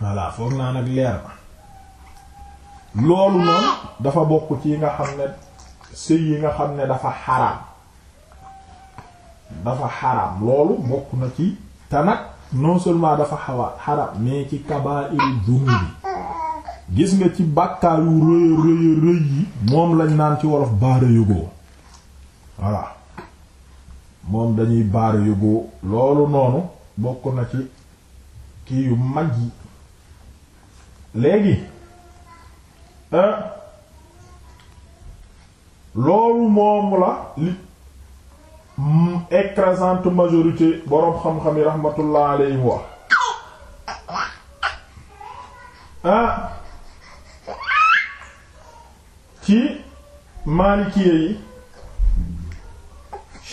voilà foog naa nag leer na loolu noonu dafa bokk ci yi nga xam ne sëy yi nga xam ne dafa xaraam dafa xaraam loolu bokk na ci te non seulement dafa xawa xaram mais ci kabaa'iru dunuubi gis nga ci bàkkaar yu rëy rëy yi moom lañ naan ci wolof baara yógoo voilà moom dañuy baara yógoo loolu noonu bokk na ci kii yu mag yi léegi eh, loolu moom la li Hmm, écrasante majorité boroom xam-xam yi rahmatullah alayhi wax ah ci maalikiye yi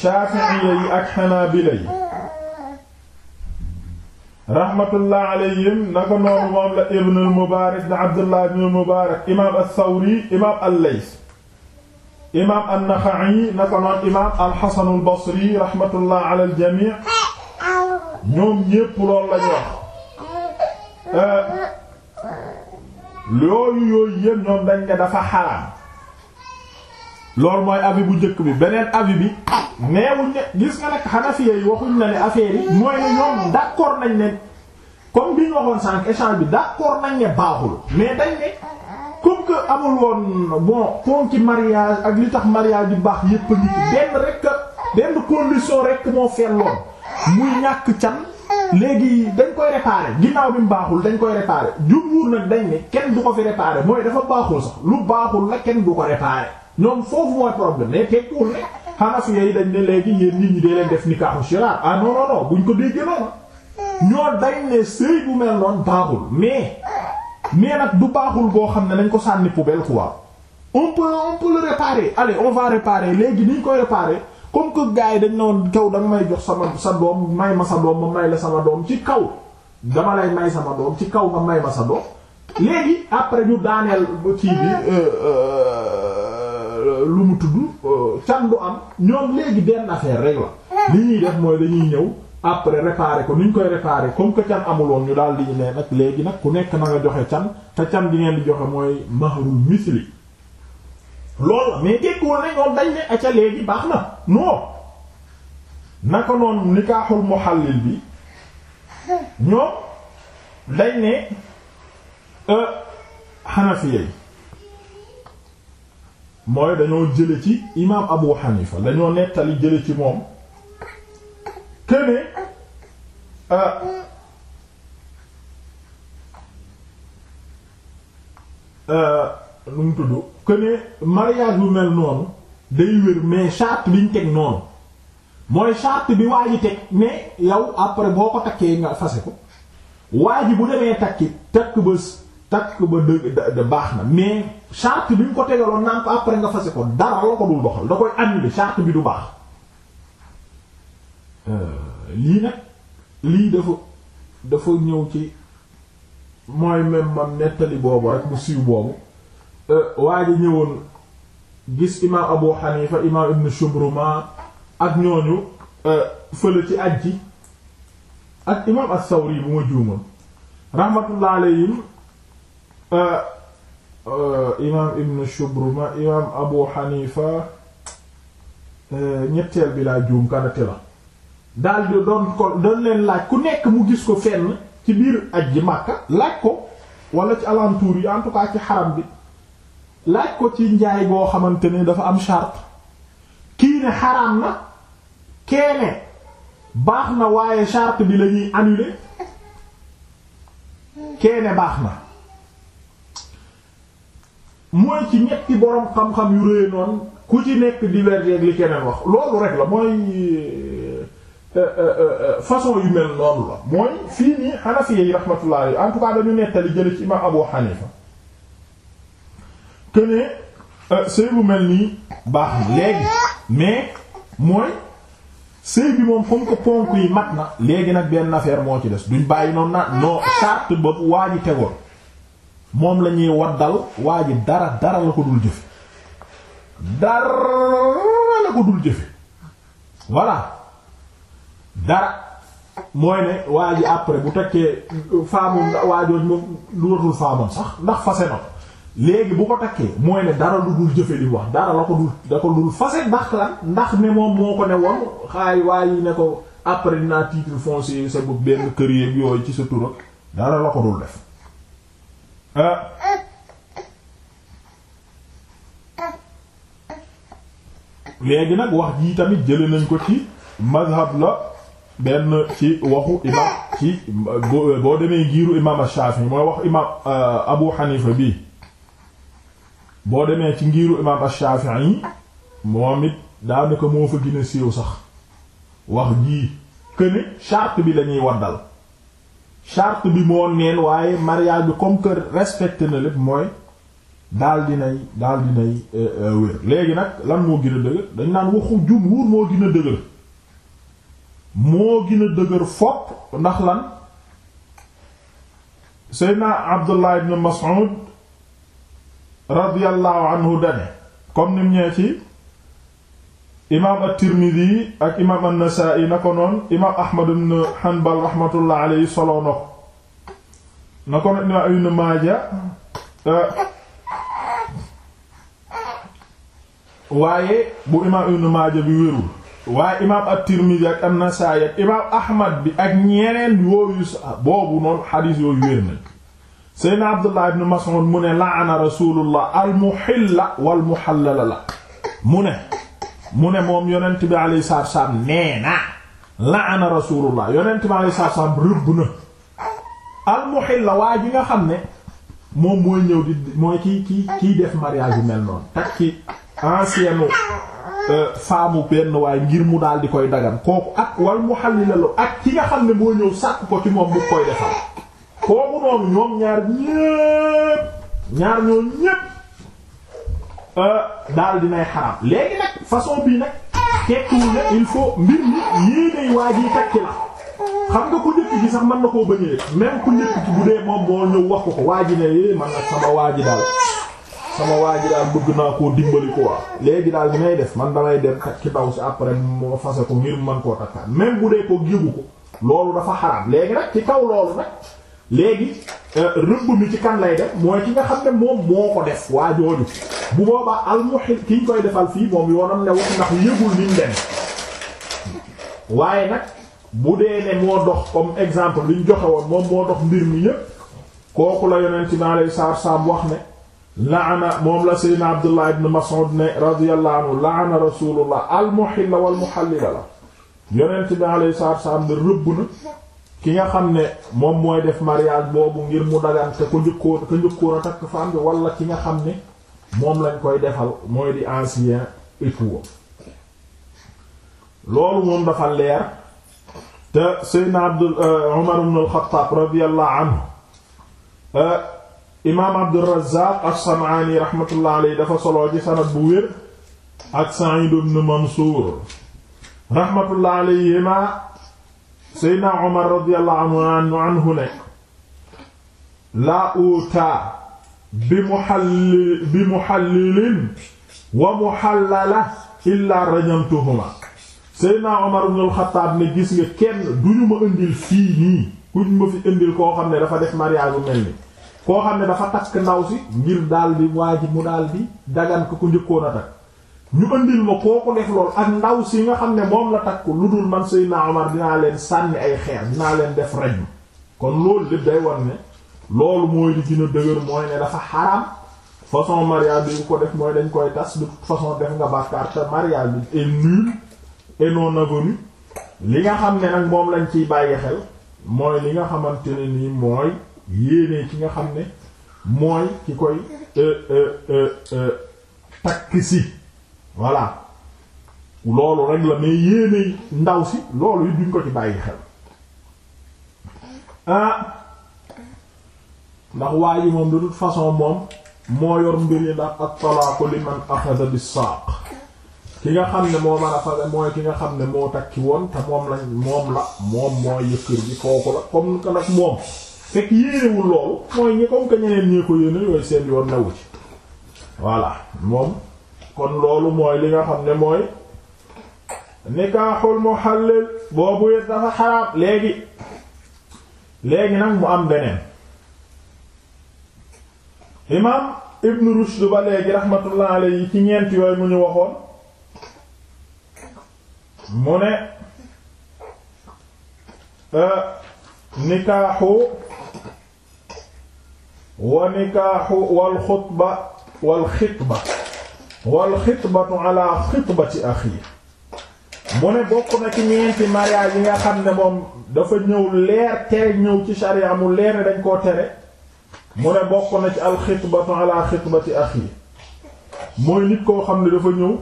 shaafiiye yi ak xanaabila yi rahmatullah alayhim naka noonu moom la ibn al-Mubarak da Abdullah ibn al-Mubarak imaam as-Sawri imaam al-Lays imaam an-Naxa'i naka noon imaam al-Hasan al-Basri rahmatullah al-jamii ñoom ñépp loolu lañu wax loolu eh, yooyu yépp ñoom dafa xaraam loolu mooy abi bu njëkk bi beneen avis bi neewuñ ne gis nga nag Hanafiya yi waxuñ na ne affaire yi mooy nañ ne comme bi ñu waxoon sànq bi d'accord nañ ne baaxul mais dañ ne que amul woon bon ponki mariage ak li tax mariage bi baax yépp a ngi ci benn rek benn condition rek moo ñàkk can léegi dañ koy réparer ginnaaw bi mu baaxul dañ koy réparer jumhuur nag dañ ne kenn ko fi réparer mooy dafa baaxul lu baaxul la kenn ko réparer ñoom foofu mooy problème mais tekkiwul ne dañ ne léegi yéen nit ñi dee leen def nikaahu shiraar ah non non buñ ko déggee noonu ñoo dañ ne sëy bu mel noonu baaxul mais. mais ak du baaxul boo xam ne nañ ko sànni poubelle quoi on peut on peut le réparer allez on réparer léegi ni ñu koy réparer comme que gars yi dañ ne woon kaw da may jox sama sa doom may ma sa doom ma may la sama doom ci kaw dama lay may sama doom ci kaw ma may ma sa doom léegi après ñu daaneel kii bi euh, euh, lu mu tudd euh, can du am ñoom léegi benn affaire rek la li ñuy def mooy dañuy ñëw. après réparer ko ni ñu koy réparer comme que can amuloon ñu daal di ne nag léegi nag ku nekk na nga joxe can te can gi ngeen di joxe mooy mahrul misli loolu mais tekkiwul ne ñoom dañ ne acca baax na non naka noonu nikaaxul bi ñoom dañ ne euh, Hanafiya yi mooy dañoo jële ci imaam Abu Hanifa dañoo nettali jële ci moom këne lu mu tudd këne mariage bu mel noonu day wér mais charte biñ teg noonu mooy charte bi waa ji teg ne yow après boo ko takkee nga fase ko waa ji bu demee takki takk ba takk ba dë baax na mais charte bi ñu ko tegaloon naan ko après nga fase ko dara la ko dul doxal da koy annulé charte bi du baax Euh, lii nag lii dafa dafa ñëw ci mooy même man nettali boobu rek bu siiw boobu euh, waa ji ñëwoon gis imaam Abu Hanifa imaam Ibn Shubruma ak ñooñu euh, fële ci aj ji ak imaam as-Sawri bu ma juumal rahmatullah alayhim imaam Ibn Shubruma imaam Abu Hanifa ñetteel bi laa juum kanate la daal di doon ko doon leen laaj ku nekk mu gis ko fenn ci biir aj ji Makka laaj ko wala ci alentour yi en tout cas ci xaram bi laaj ko ci njaay boo xamante ne dafa am charte kii ne xaraam na keene baax na waaye charte bi lañuy ñuy annuler keene baax na mooy ci ñetti boroom xam-xam yu rëy noonu ku ci nekk diverger ak li keneen wax loolu rek la mooy Euh, euh, euh, façon yu mel noonu la mooy fii nii Hanafi yi rahmatullah alayhi dañu nettali jële ci imaam Abu Hanifa que ne sëy bu mel nii baax na léegi mais mooy sëy bi moom comme ponk yi mat na léegi nag benn affaire moo ci des duñ bàyyi noonu na non charte boobu waa ji tegoon moom la ñuy waddal waa ji dara dara la ko dul jëfe dara la ko dul jëfe voilà dara mooy ne waa après bu takkee faamul waajooj moom lu watul faamam sax ndax fase na léegi bu ko takkee mooy ne dara lu dul jëfe li wax dara la ko dul da ko dul fase ndax lan ndax ne moom moo ko ne woon xaay waa yi ne ko après dinaa titre foncier sa bu benn kër yéeg yooyu ci sa tura dara la ko dul def euh. léegi nag wax jii tamit jële nañ ko ci mazhab la benn ci waxu imam ci boo demee giiru imam Shafi mooy wax imam euh, Abu Hanifa bi boo demee ci ngiiru imam yi moom it daanaka moo fa gën a siiw sax wax jii këne charte bi lañuy waddal charte bi moo neen waaye mariage bi comme kër respecté na lépp mooy daal dinay daal dinay euh, euh, wér léegi nag lan moo gën a dëgër dañ naan waxu jumhuur moo gën dëgër moo gën dëgër fopp ndax lan seydna abdullah ibn mas'ud radiyallahu anhu dane comme nim ñee ci imaam at-tirmidhi ak imaam an-nasa'i na ko noon imaam ahmad ibn hanbal rahmatullah alayhi soloo na na ko noon imaam ibn maaja eh, waaye bu imaam ibn maaja bi wérul waa imaam at-Tirmidhi ak an-Nasa'i imaam Ahmad bi ak ñeneen yooyu boobu noonu xadiis yooyu wér nañ Seydina Abdullah ibn Mas'ud mu ne la'ana rasulullah al-muhilla waa ji nga xam ne moom mooy ñëw di mooy kii kii kiy def mariage yu mel noonu takki ancienne faamu euh, benn waay ngir mu daal di koy dagan kooku ak wal mu xallilalu ak ki nga xam ne moo ñëw sàkk ko ci moom bu koy defal kooku noonu ñoom ñaar ñépp ñaar ñoo ñépp euh, daal dinay xaram léegi nag façon bii nag tekkiwul ne il faut mbir mi yéenay waa ji la xam nga ku njëkk gi sax mën na koo bañ a même ku njëkk gi bu dee moom moo ñëw wax ko ko waa ji ne eh, man ak sama waa ji daal sama waa ji daal bëgg naa koo dimbali quoi léegi daal li ngay def man damay dem ki ndaw si après moo fase ko ngir man koo takkaat même bu dee ko giwu ko loolu dafa xaraam léegi nag ci kaw loolu nag léegi euh, rëbb mi ci kan lay def mooy ki nga xam ne moom moo ko def waajoo jooju bu boobaa almuhil ki ñu koy defal fii moom yoonam ne wax ndax yëgul niñ dem waaye nag bu dee ne moo dox comme exemple liñ joxe woon moom moo dox mbir mi yépp kooku la yonent bi alayhi salaatu wa salaam wax ne laana moom la seydna abdullah ibn mas'ud ne radiyallahu anhu laana rasulullah al muhilla wal muhallila la yonent bi alayhi salaatu wa salaam ne rëbb na ki nga xam ne moom mooy def mariage boobu ngir mu dagan te ko njëkkoon ko njëkkoon a takk fa am bi wala ki nga xam ne moom lañ koy defal mooy di ancien époux loolu moom dafa leer te seydna abdul euh, umar ibn al-khattab radiyallahu anhu euh, imaam Abdurrazzaq as-Samaani rahmatullah alayhi dafa solo ci sanad bu wér ak Sa'id ibn Mansuur rahmatullah alayhima Seydina Umar radiyallahu anhu anhu ne laa uutaa bi muhalli bi muhallilin wa muhallala illaa rajamtuhuma Seydina Umar ibn al-Khattab gis nga kenn duñu ma indil fii nii kuñ ma fi indil koo xam ne dafa def mariage mel ni koo xam ne dafa takk ndaw si ngir daal di waa ji mu daal di dagan ko ku njëkkoon a takk ñu andil ma kooku def lool ak ndaw si nga xam ne moom la takk lu dul man Seydina Omar dinaa leen sànni ay xeer dinaa leen def rajm kon loolu lépp day war ne loolu mooy li gën a dëgër mooy ne dafa xaram façon mariage bi bu ko def mooy dañ koy tas de toute façon def nga bàkkaar te mariage bi est nul et non li nga xam ne nag moom lañ ciy bàyyi xel mooy li nga xamante ne nii yéene ci nga xam ne mooy ki koy euh, euh, euh, takk si voilà loolu rek la mais yéene ndaw si loolu yi duñ ko ci bàyyi xel ah. ndax waaye moom de toute façon moom moo yor mbir yi ndax ak talaaqu liman axada bisaaq ki nga xam ne moo mën a fase mooy ki nga xam ne moo takki woon te moom lañ moom la moom mooy yëkkër ji comme que nag moom fekk yéenewul loolu mooy ñi comme que ñeneen ñee ko yéene yooyu seen yoon newu ci voilà moom kon loolu mooy li nga xam ne mooy nikaaxul muhallil boobu it dafa xaraam léegi léegi nag mu am beneen imaam ibnu rushd ba léegi rahmatullah alayhi ci ñeent yooyu mu ñu waxoon mu ne euh, nikaaxu wa nikaaxu wal xutba wal xitba wal xitbatu ala xitbati axi mu ne bokk na ci ñeenti mariage yi nga xam ne moom dafa ñëw leer tere ñëw ci sharia mu leer ne dañ koo tere mu ne bokk na ci al xitbatu ala xitbati axi mooy nit koo xam ne dafa ñëw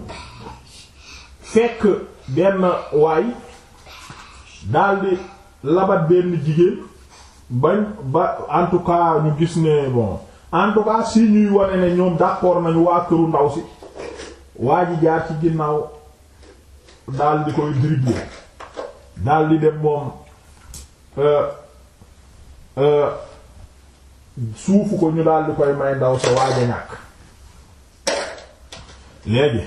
fekk benn waay daldi labat benn jigéen bañ ba en tout cas ñu gis ne bon en tout si ñuy wane ne ñoom d'accord nañu waa këru ndaw si waa ji jaar ci ginnaaw daal di koy dribbler daal di dem moom euh, euh, suufu ko ñu daal di koy may ndaw sa waaja ñàkk léegi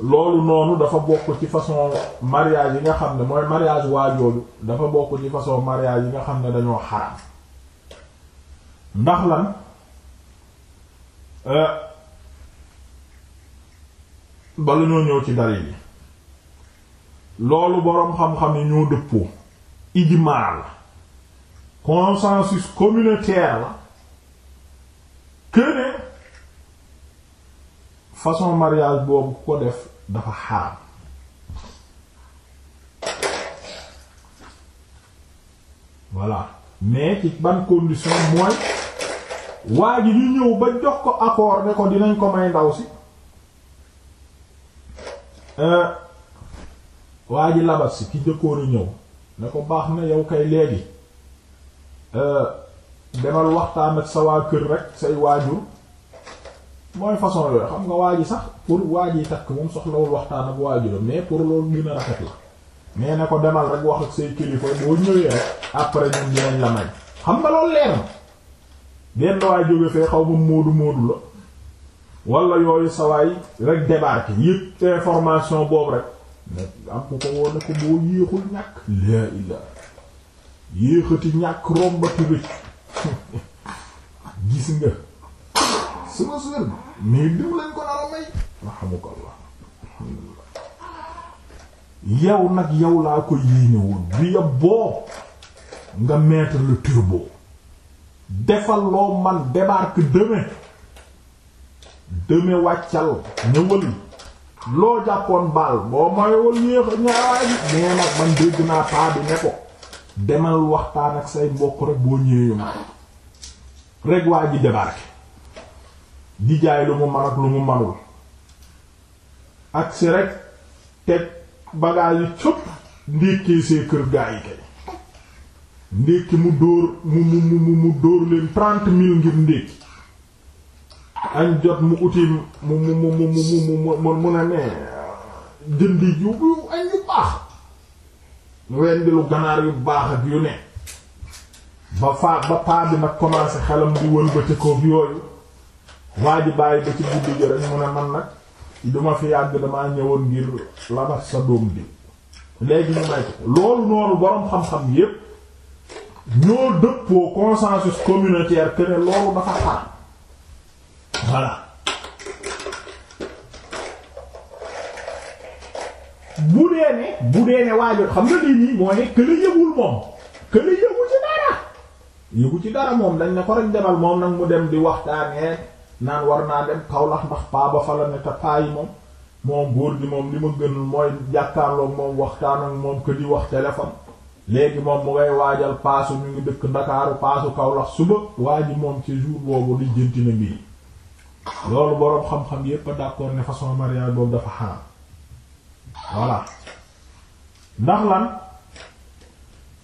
loolu noonu dafa bokk ci façon mariage yi nga xam ne mooy mariage waajooju dafa bokk ci façon mariage yi nga xam ne dañoo xaraam ndax lan euh, bala ñoo ñëw ci dalil yi loolu boroom xam-xam yi ñoo dëppoo ijmaa la consensus communautaire la façon mariage boobu ku ko def dafa xaram voilà mais ci ban condition mooy waa ji ñu ñëw ba jox ko accord ne ko dinañ ko may ndaw si euh, waa ji labat si ki jëkkooru ñëw ne ko baax na yow kay léegi euh, demal waxtaan ak sawaa kër rek say waajur mooy façon yooyu xam nga waa sax pour waa yi takk moom soxlawul waxtaan ak waajuram mais pour loolu gën a rafet la mais ne ko demal rek wax ak say kilifa boo ñëwee après ñun la may xam nga loolu leer na benn jóge fee xaw ma moodu moodu la wala yooyu sawaay rek débarqué yëpp information boobu rek am ko ko woon ne ko boo yéexul ñàkk laa ilaa yéexati ñàkk rombati rëcc [LAUGHS] gis nga sama sœur bi mais diw lañ ko nar a may rahamukallah alhamdulillah nag yow laa ko yéene woon bi yóbboo nga mettre le turbo defal loo man débarque demain deme wàccal ñëwal loo jàppoon baal boo mayewul yéex ñaaraay bi nee nag man dégg naa paa bi ne ko demal waxtaan ak say mbokk rek boo ñëwee ma rek waa ji débarqué di jaay lu mu man ak lu mu manul ak si rek teg bagage yi cëpp ndékkee see kër gaa yi kay ndékki mu dóor mu mu mu mu dóor leen trente mille ngir ndékki añ jot mu uti mu mu mu mu mu mu mu na nee jëndi yu añ yu baax wendi lu ganaar yu baax ak yu ne ba faa ba paa bi nag commencé xelam di wëlbatikoo yooyu waa ji bàyyi ba ci guddi gi rek mu ne man nag duma fi yàgg damaa ñëwoon ngir labat sa doom bi léegi ñu may loolu noonu boroom xam-xam yépp ñoo dëppoo consensus communautaire que ne loolu dafa xaar voilà bu dee ne bu dee ne waajur xam nga lii nii mooy ne kële yëgul moom kële yëgu ci dara yëgu ci dara moom dañ ne ko rek demal moom nag mu dem di waxtaanee. naan war naa dem Kaolack ndax paa ba fa la ne te moom moom góor gi moom li ma gën mooy jàkkaarloog moom waxtaan moom que di wax téléphone léegi moom mu ngay waajal paasu ñu ngi dëkk Ndakaaru paasu Kaolack suba waa ji moom ci jour boobu di jënti na mbir loolu boroom xam-xam yépp d'accord ne façon mariage boobu dafa xaram voilà ndax lan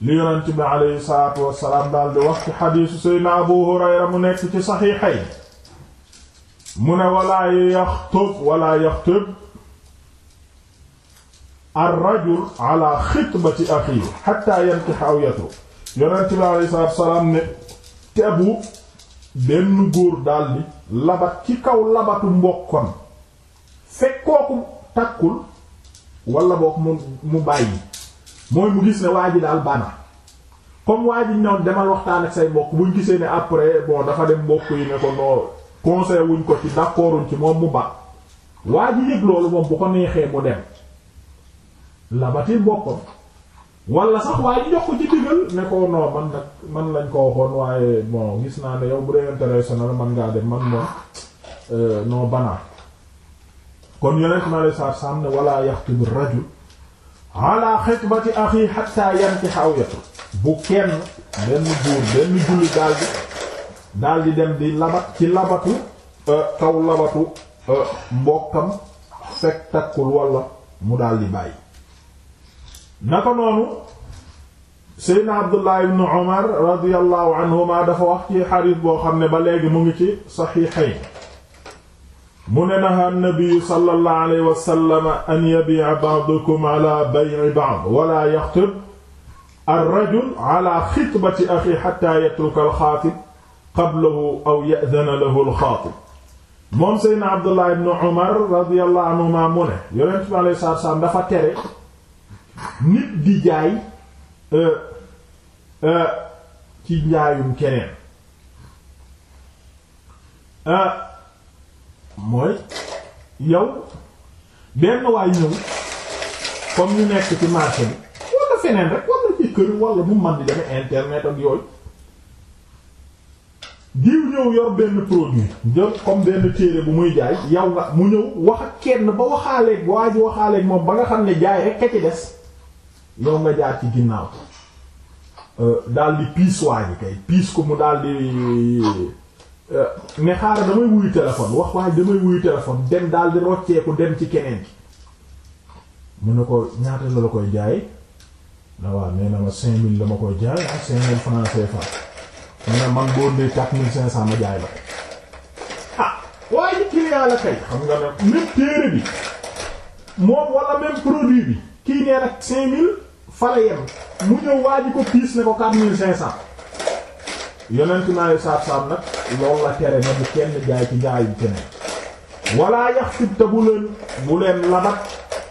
li yonent bi aleyhi salaatu wassalaam daal di wax ci xadiisu Seydina Abu Hurayra mu nekk ci saxiixay mu ne walaa yaxtub walaa yaxtub ar-rajul ala xitbati axiihi xatta yankixa aw yatruk yonent bi salaam ne tebu benn góor daldi labat ci kaw labatu mbokkam fekk kooku takkul wala boog mu mu bàyyi mooy mu gis ne waa ji daal bana comme waa ji ñoom demal waxtaan ak say mbokk buñ gisee ne après bon dafa dem mbokk yi ne ko noor conseil wuñ ko ci d'accorduñ ci moom mu ba waa ji yëg loolu moom bu ko neexee mu dem labatil boppam wala sax waaye jox ko ci digal ne ko non man nag man lañ ko waxoon waaye gis naa ne yow bu dee international man ngaa dem man moom euh, non banaa kon yonent ma lay saar sàmm ne wala yaxtibu rajul ala xitbati axi hatta yankiha aw yatu bu kenn benn góor benn julli daal bi daal di dem di labat ci labatu kaw euh, labatu euh, mbokkam fekk takkul walla mu daal di bàyyi naka noonu seydna abdullah ibn umar radiallahu anhuma dafa wax ci xadiis boo xam ne ba léegi mu ngi ci saxiixayn mu ne naha nabiyu sallallahu alayhi wa sallam an yabi'a ba'dukum ala bay'i ba'd wala yaxtub ar-rajul ala xitbati axi xatta yatruka al-xaatib qablahu aw ya'dana lahu al-xaatib moom Seydina Abdullah ibn Umar radiyallahu anhuma mu ne yonent bi alayhi salaatu salaam dafa tere nit di jaay euh, euh, ci njaayum keneen euh, mooy yow benn waay ñëw comme ñu nekk ci marché bi wala feneen rek wala ci kër wala mu man di deme internet ak yooyu diw ñëw yor benn produit jël comme benn téere bu muy jaay yow nga mu ñëw wax ak kenn ba waxaaleeg waa ji waxaaleeg moom ba nga xam ne jaay rek ci des yow nga jaar ci ginnaaw euh, daal di piis waa kay piis ko mu daal di euh, ne xaaral damay wuyu téléphone wax waaye damay wuyu téléphone dem daal di rocceeku dem ci keneen ki mu ne ko ñaata la la koy jaay na waa nee na ma 5000 koy jaay ak ah, 5000 francs CFA mu man boo dee quatre mille cinq cent ma jaay la ah waaye ñu client la kay xam nga ne même téere bi moom wala même produit bi kii nee nag cinq mille fale yem mu ñëw waa ji ko piis ne ko quatre mille cinq cent yonent naa saab saab nag loolu la tere ne bu kenn jaay ci jaayum keneen walla yaxtib te bu leen bu leen labat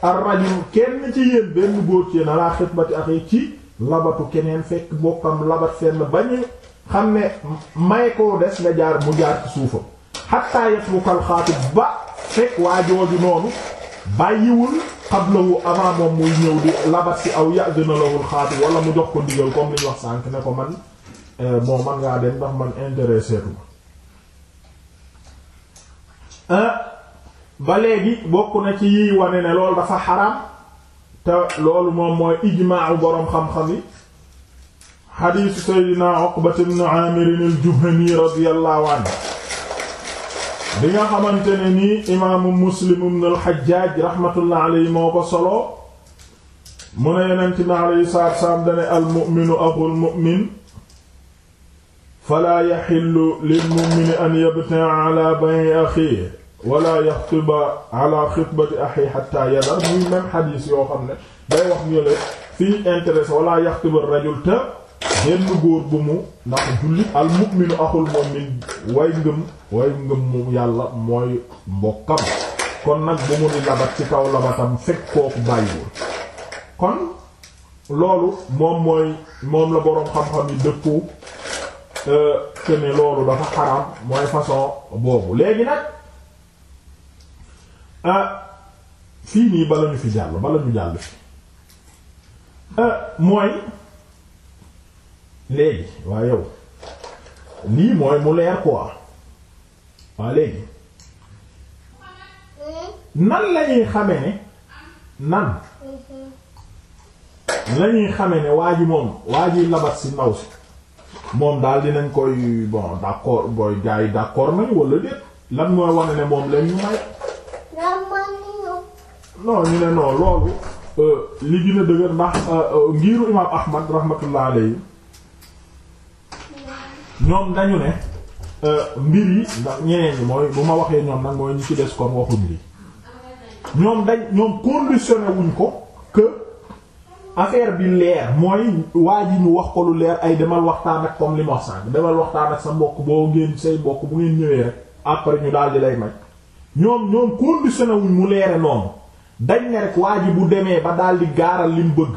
ar kenn ci yéen benn góor ci yéen alaa xitbati axi ci labatu keneen fekk bokkam labat fenn bañee xam ne may koo des nga jaar mu jaar ci suufam xatta yatrukal xaatib ba fekk waa jooju noonu bàyyiwul xablawu avant moom muy ñëw di labat si aw ya'dina lawul xaatib wala mu jox ko ndigal comme li ñu wax ne ko man euh, bon man ngaa dem ndax man intéressé euh, ba léegi bokk na ci yiy wane ne lool dafa xaram te loolu moom mooy ijma'u boroom xam-xam yi xadiisu seydina Uqbat ibn Aamir al-Juhani radiyallahu anhu bi nga xamante ne nii imaamu Muslim ibn al-Hajjaaj rahmatullah alayhi moo ko solo mu ne Yonent bi alayhi salaatu wa salaam dane al-mu'minu axul mu'min falaa yaxillu lil-mu'mini an yabta'a alaa bay'i axiihi wala yaxtiba ala xitbati axi xatta yadar muy même xadiis yoo xam ne day wax ñu le fii intéressé wala yaxtiba rajul te benn góor bu mu ndax jullit al mu'minu axul mu'min way ngëm way ngëm mu yàlla mooy mbokkam kon nag bu mu ni labat ci kaw labatam fekk kooku bàyyiwul kon loolu moom mooy moom la boroom xam-xam yi dëppoo te euh, loolu dafa xaraam mooy façon boobu léegi nag euh, fii nii bala ñu fi jàll bala ñu jàll fi euh, mooy léegi waaye yow lii mooy mu leer quoi waa léegi nan lañuy xame ne nan lañuy xame ne waa ji moom waa ji labat si ndaw si moom daal dinañ koy bon d'accord booy gars yi d'accord nañ wala déet lan mooy wane ne moom lañ may non ñu ne non euh, li gën dëgër euh, euh, ngiiru imam ahmad rahmatullah alayhi ñoom dañu ne euh, mbir yi ndax ñeneen ñi mooy bu ma waxee ñoom nag mooy ñi ci des kon waxuñ li ñoom dañ ñoom conditionné wuñ ko que affaire bi leer mooy waa ji ñu wax ko lu leer ay demal waxtaan ak comme li ma wax sànq demal waxtaan ak sa mbokk boo ngeen say mbokk bu ngeen ñëwee après ñu daal di lay may ñoom ñoom conditionné wuñ mu leere noonu dañ ne rek waa bu demee ba daal di gaaral li bëgg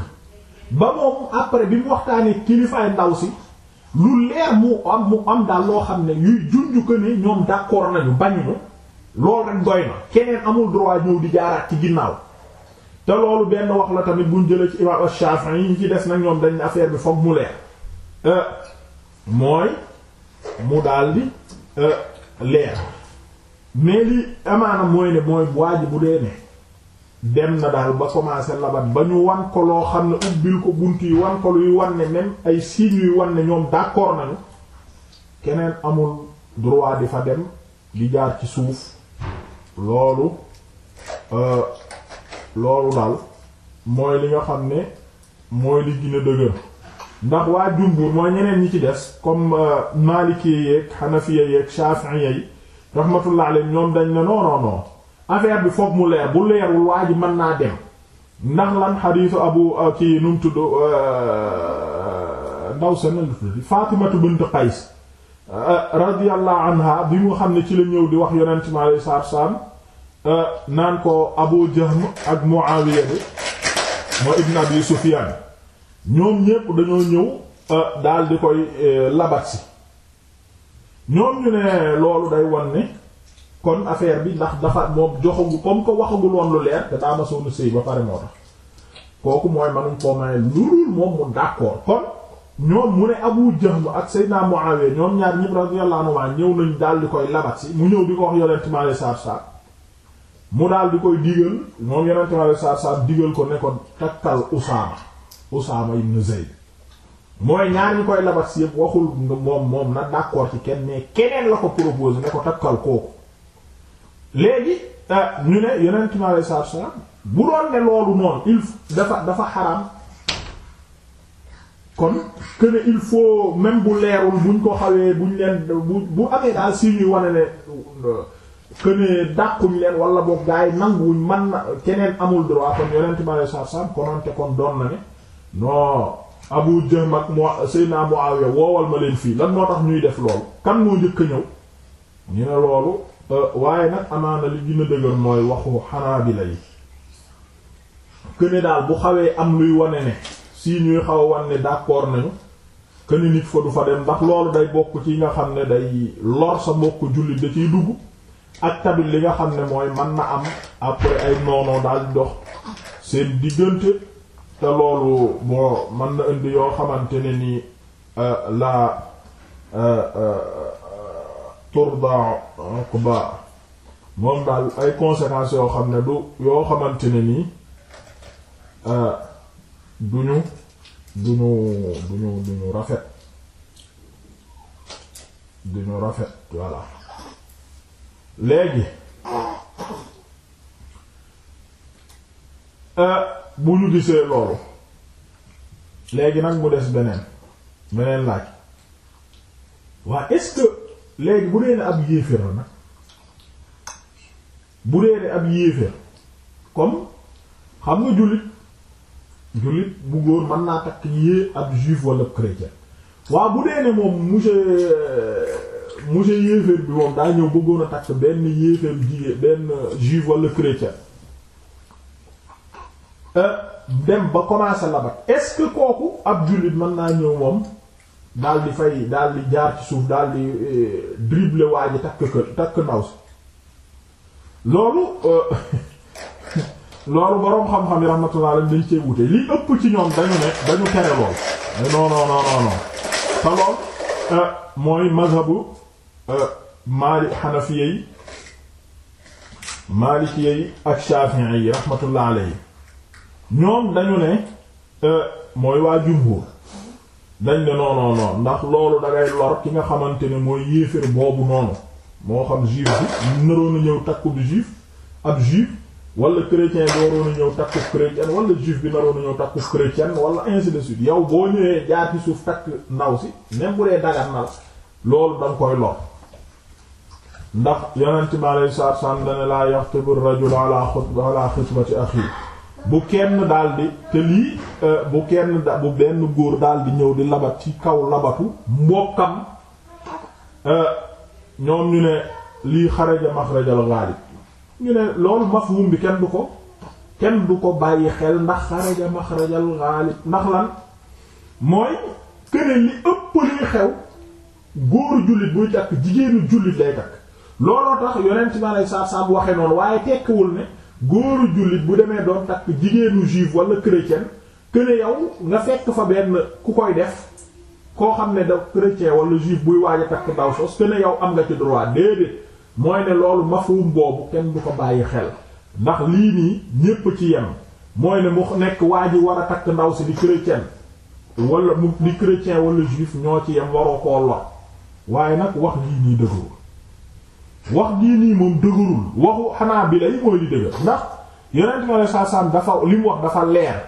ba moom après bi mu waxtaanee kilifaay ndaw si. lu leer mu am mu am daal loo xam ne yuy junj ko ne ñoom d'accord nañu bañuñu loolu rek doy na keneen amul droit ñëw di jaaraat ci ginnaaw te loolu benn wax la tamit buñ jëlee ci imam Shafi'i yi ñu ci des nag ñoom dañu affaire bi foog mu leer euh, mooy mu daal euh, leer mais li amaana mooy ne mooy waaj bu dee ne dem na daal ba commencé labat ba ñu wan ko loo xam ne ubbil ko bunt yi wan ko wan ne même ay signes yuy wan ne ñoom d'accord nañu keneen amul droit di fa dem di jaar ci suuf loolu euh, loolu daal mooy li nga xam ne mooy li gën a dëgër ndax waa jumbuur mooy ñeneen ñi ci des comme euh, Maliki yeeg Hanafiya yeeg Shafi'i yi rahmatullah alayhim ñoom dañ ne non affaire bi foog mu leer bu leerul waa ji mën naa dem ndax lan xadiisu abu ci euh, num tudd ndaw euh, sa nal Faatimatu bint Qays euh, radiyallahu anha bi mu xam ne ci la ñëw di wax yonent mi alayhi salaatu salaam naan ko Abu Jahm ak Muawiya de moo ibn Abi Sufyaan ñoom ñépp dañoo ñëw daal di koy labat si ñoom ñu ne loolu day wan ne kon affaire bi ndax dafa moom joxagu comme que waxagul woon lu leer dafa ama sëy ba pare moo tax kooku mooy manuñ koo maye lurul moom mu d'accord kon ñoom mu ne Abu Jahm ak Seydina Muawiya ñoom ñaar ñëpp radiyallahu anhu ñëw nañ daal di koy labat si mu ñëw di ko wax yonent mi alayhi salaatu mu daal di koy digal moom yonent mi alayhi salaatu digal ko ne ko takkal Usaama Usaama ibn Zayd mooy ñaar ñu koy labat si yëpp waxul moom moom na d'accord ci kenn mais keneen la ko proposé ne ko léegi euh, ñu ne yonent mi alayhi salaatu salaam bu doon ne loolu noonu il dafa dafa xaraam kon que ne il faut même bu leerul buñ ko xawee buñ leen bu bu amee daal si ñuy wane ne euh, que dàquñ leen wala boog gars yi man na keneen amul droit kon yonent mi alayhi salaatu salaam kononte kon doon na ne non Abu Jahm ak mo Seydina Muawiya woowal ma leen fii lan moo tax ñuy def loolu kan moo njëkk ñëw ñu ne loolu. waaye nag amaana li gën dëgër mooy waxu xanaabila yi këne daal bu xawee am luy wane ne si ñuy xaw a wane ne d'accord nañu këne nit fa du fa dem ndax loolu day bokk ci nga xam ne day lor sa mbokku jullit da ciy dugg ak tamit li nga xam ne mooy mën na am après ay noonoo daal dox seen diggante te loolu boo mën na indi yoo xamante ne nii euh, la. Euh, euh, turda uqba moom daal ay conséquences yoo xam ne du yoo xamante ne nii euh, duñu duñu duñu duñu rafet duñu rafet voilà léegi euh, bu ñu gisee loolu léegi nag mu des beneen beneen laaj waa léegi bu dee ne ab yéeféer la nag bu dee ne ab yéeféer comme xam nga jullit jullit bu góor mën naa takk yée ab juif wala chrétien waaw bu dee ne moom monsieur monsieur yéeféer bi moom daa ñëw bëggoon takk benn yéeféer jigéen benn juif wala chrétien euh, dem ba commencé labat est-ce que kooku ab jullit mën naa ñëw moom daal di fay daal di jaar ci suuf daal di eh, dribble waa ji takk kër takk ndaw si loolu euh, [LAUGHS] loolu boroom xam-xam yi rahmatullah alayhi dañ cee wute li ëpp ci ñoom dañu ne dañu tere lool non non non te lool euh, mooy mazhabu euh, maali xanafiya yi maalikiya yi ak shafi'i yi rahmatullah alayhi ñoom dañu ne mooy waa jumhur dañ ne non non ndax loolu dangay lor ki nga xamante ne mooy yéeféer boobu noonu moo xam juif bi naroon a ñëw takku bi juif ab juif wala chrétien bi waroon a ñëw takku wala juif bi naroon a ñëw takku de suite yow boo ñëwee jaar ci suuf takk ndaw si même bu dee dagat na loolu danga koy lor ndax yonent mi alei saatu salaam dane laa rajul ala xutba ala bu kenn daldi te lii euh, bu kenn bu benn góor daldi ñëw di labat ci kaw labatu mbokkam euh, ñoom ñu ne lii xaraja maxrajal ghalib ñu ne loolu mafhum bi kenn du ko kenn du ko bàyyi xel ndax xaraja maxrajal ghalib ndax lan mooy këne li ëpp li xew góoru jullit buy takk jigéenu jullit lay takk looloo tax yonent bi aleyhi salaatu salaam waxe noonu waaye tekkiwul ne góoru jullit bu demee doon takk jigéenu juif wala chrétien que ne yow nga fekk fa benn ku koy def koo xam ne da chrétien wala juif buy waaj a takk ndaw sos que ne yow am nga ci droit déedéet mooy ne loolu mafhum boobu kenn bu ko bàyyi xel ndax lii nii ñépp ci yem mooy ne mu nekk waa ji war a takk ndaw si di chrétien wala mu di chrétien wala juif ñoo ci yem waroo koo lor waaye nag wax lii nii dëgg wax jii nii moom dëgërul waxu xanaa bi lay mooy li dëgër ndax yonent ma ne saasaan dafa li mu wax dafa leer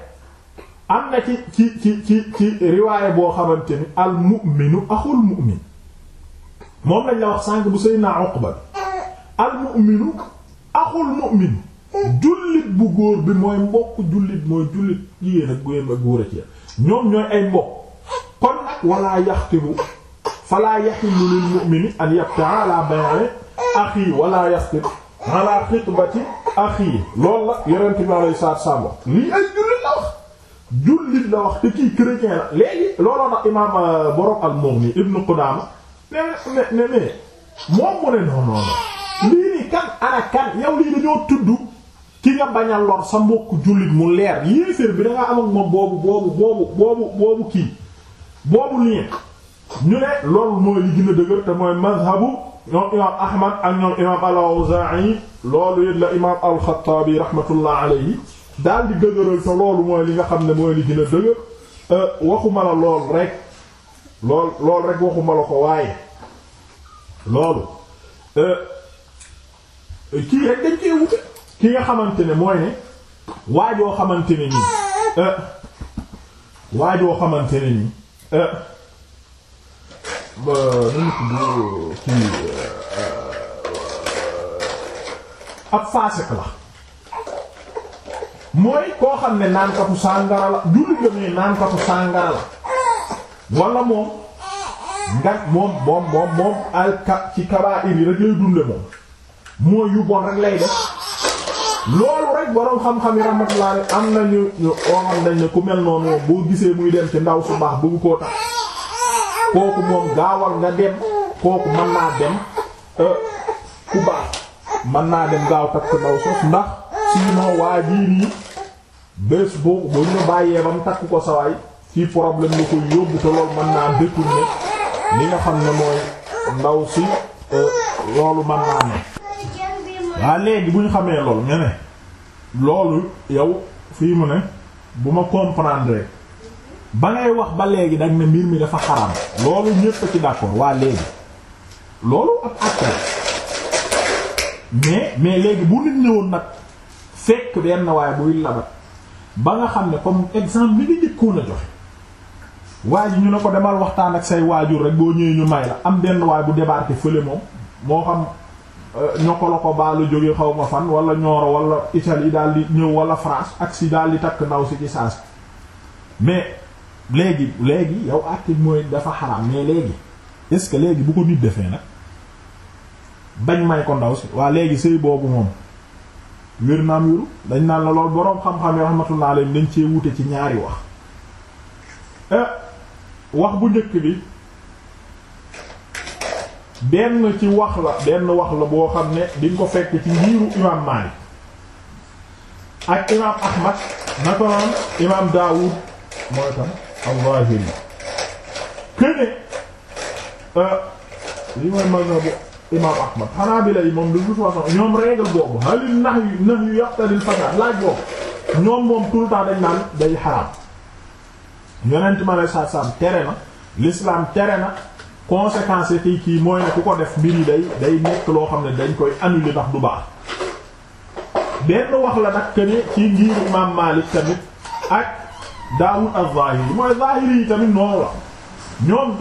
am na ci ci ci ci ci boo xamante ni al mu'minu axul mu'min bu sëy naa Uqba bi al mu'minu axul mu'min jullit bu góor bi mooy mbokk jullit mooy jullit jigéen ak góor ak góor a ci ñoom ñooy ay mbokk kon nag walaa yaxtibu falaa yaxillu lil mu'mini an yabta'a ala bay'i axi wala yastir ala xitbati axi loolu la yonent bi alayhi salaatu salaam lii ay jullit la wax jullit la wax te kii chrétien la léegi looloo tax imaam euh, borom al-Mughni Ibn Qudaama ne ne ne moom mu ne non lii nii kan ana kan lii dañoo tudd ki nga bañ lor sa mbokku jullit mu leer yéeféer bi da ngaa am boobu boobu boobu boobu kii boobu lien ñu ne loolu mooy li gën a dëgër te mooy mazhabu. ñoom imaam Ahmad ak ñoom imaam al-Awzaa'i loolu it la imaam al-Xattaabi rahmatullah alayhi daal di dëgëral te loolu mooy li nga xam ne mooy li gën a dëgër euh, waxuma la lool rek lool rek waxuma la ko waaye loolu euh, kii rek dañ koy wute ki nga xamante ne mooy ne waajoo xamante ne nii euh, waajoo xamante ne nii ba nu ñu tudd kii euh, euh, ab la mooy koo xam ne naankatu sàngara la jullit la mais naankatu sàngara la wala moom nga moom moom moom moom ci kabaa'ir yi rek lay dunde moom mooy yu bon rek lay def loolu rek boroom xam-xam yi rahmatullah am na ñu oo xam dañ ne ku mel noonu boo gisee muy dem ci ndaw su baax bëgg koo tax kooku moom gaawal nga dem kooku mën naa dem ku euh, baax mën naa dem gaaw takk ndaw sos ndax sinon waa jii nii bés boobu ba ñu bàyyee ba mu takk ko sawaay ci problème la koy yóbbu te loolu mën naa détourné li nga xam ne mooy ndaw si euh, loolu mën naa ne waa léegi bu ñu xamee loolu nga loolu yow fii mu ne bu ma comprendre ba ngay wax ba léegi dag ne mbir mi dafa xaram loolu ñépp ci d'accord waa léegi loolu ab acte mais mais léegi bu nit ñëwoon nag fekk benn waaye buy labat ba nga xam ne comme exemple li ñu njëkkoon a joxe waa ji ñu ne ko demal waxtaan ak say waajur rek boo ñëwee ñu may la am benn waay bu débarqué fële moom moo xam euh, ñoko la ko baalu jóge xaw ma fan wala ñooro wala Italie daal di ñëw wala France ak si daal di takk ndaw si ci saas mais léegi léegi yow àtte mooy dafa xaraam mais léegi est-ce que léegi bu ko nit defee nag bañ may ko ndaw si waa léegi sëy boobu moom wér naam wéru dañ naan la lool boroom xam-xam yi naa alayhi dañ cee wute ci ñaari wax eh, wax bu njëkk bi benn ci wax la benn wax la boo xam ne diñ ko fekk ci ngiiru imam Maalik ak imam Ahmad naka noonu imam Daawud mooy tam al-Zahiri këne e, li mooy mazhabu imaam Ahmad Hanabila yi moom de toute façon ñoom règle boobu halil nahyu nahyu yaqtadi al-fasad laaj boobu ñoom moom tout le temps dañ naan day xaraam yonent ma lay saat saam tere na l'islam tere na conséquence yi kii mooy ne ku ko def mbir yi day day nekk loo xam ne dañ koy annuler ndax du baax benn wax la nag que ci ngir imaam Maalik tamit ak Daawud az-Zahiri mooy Zahiri yi tamit noonu la ñoom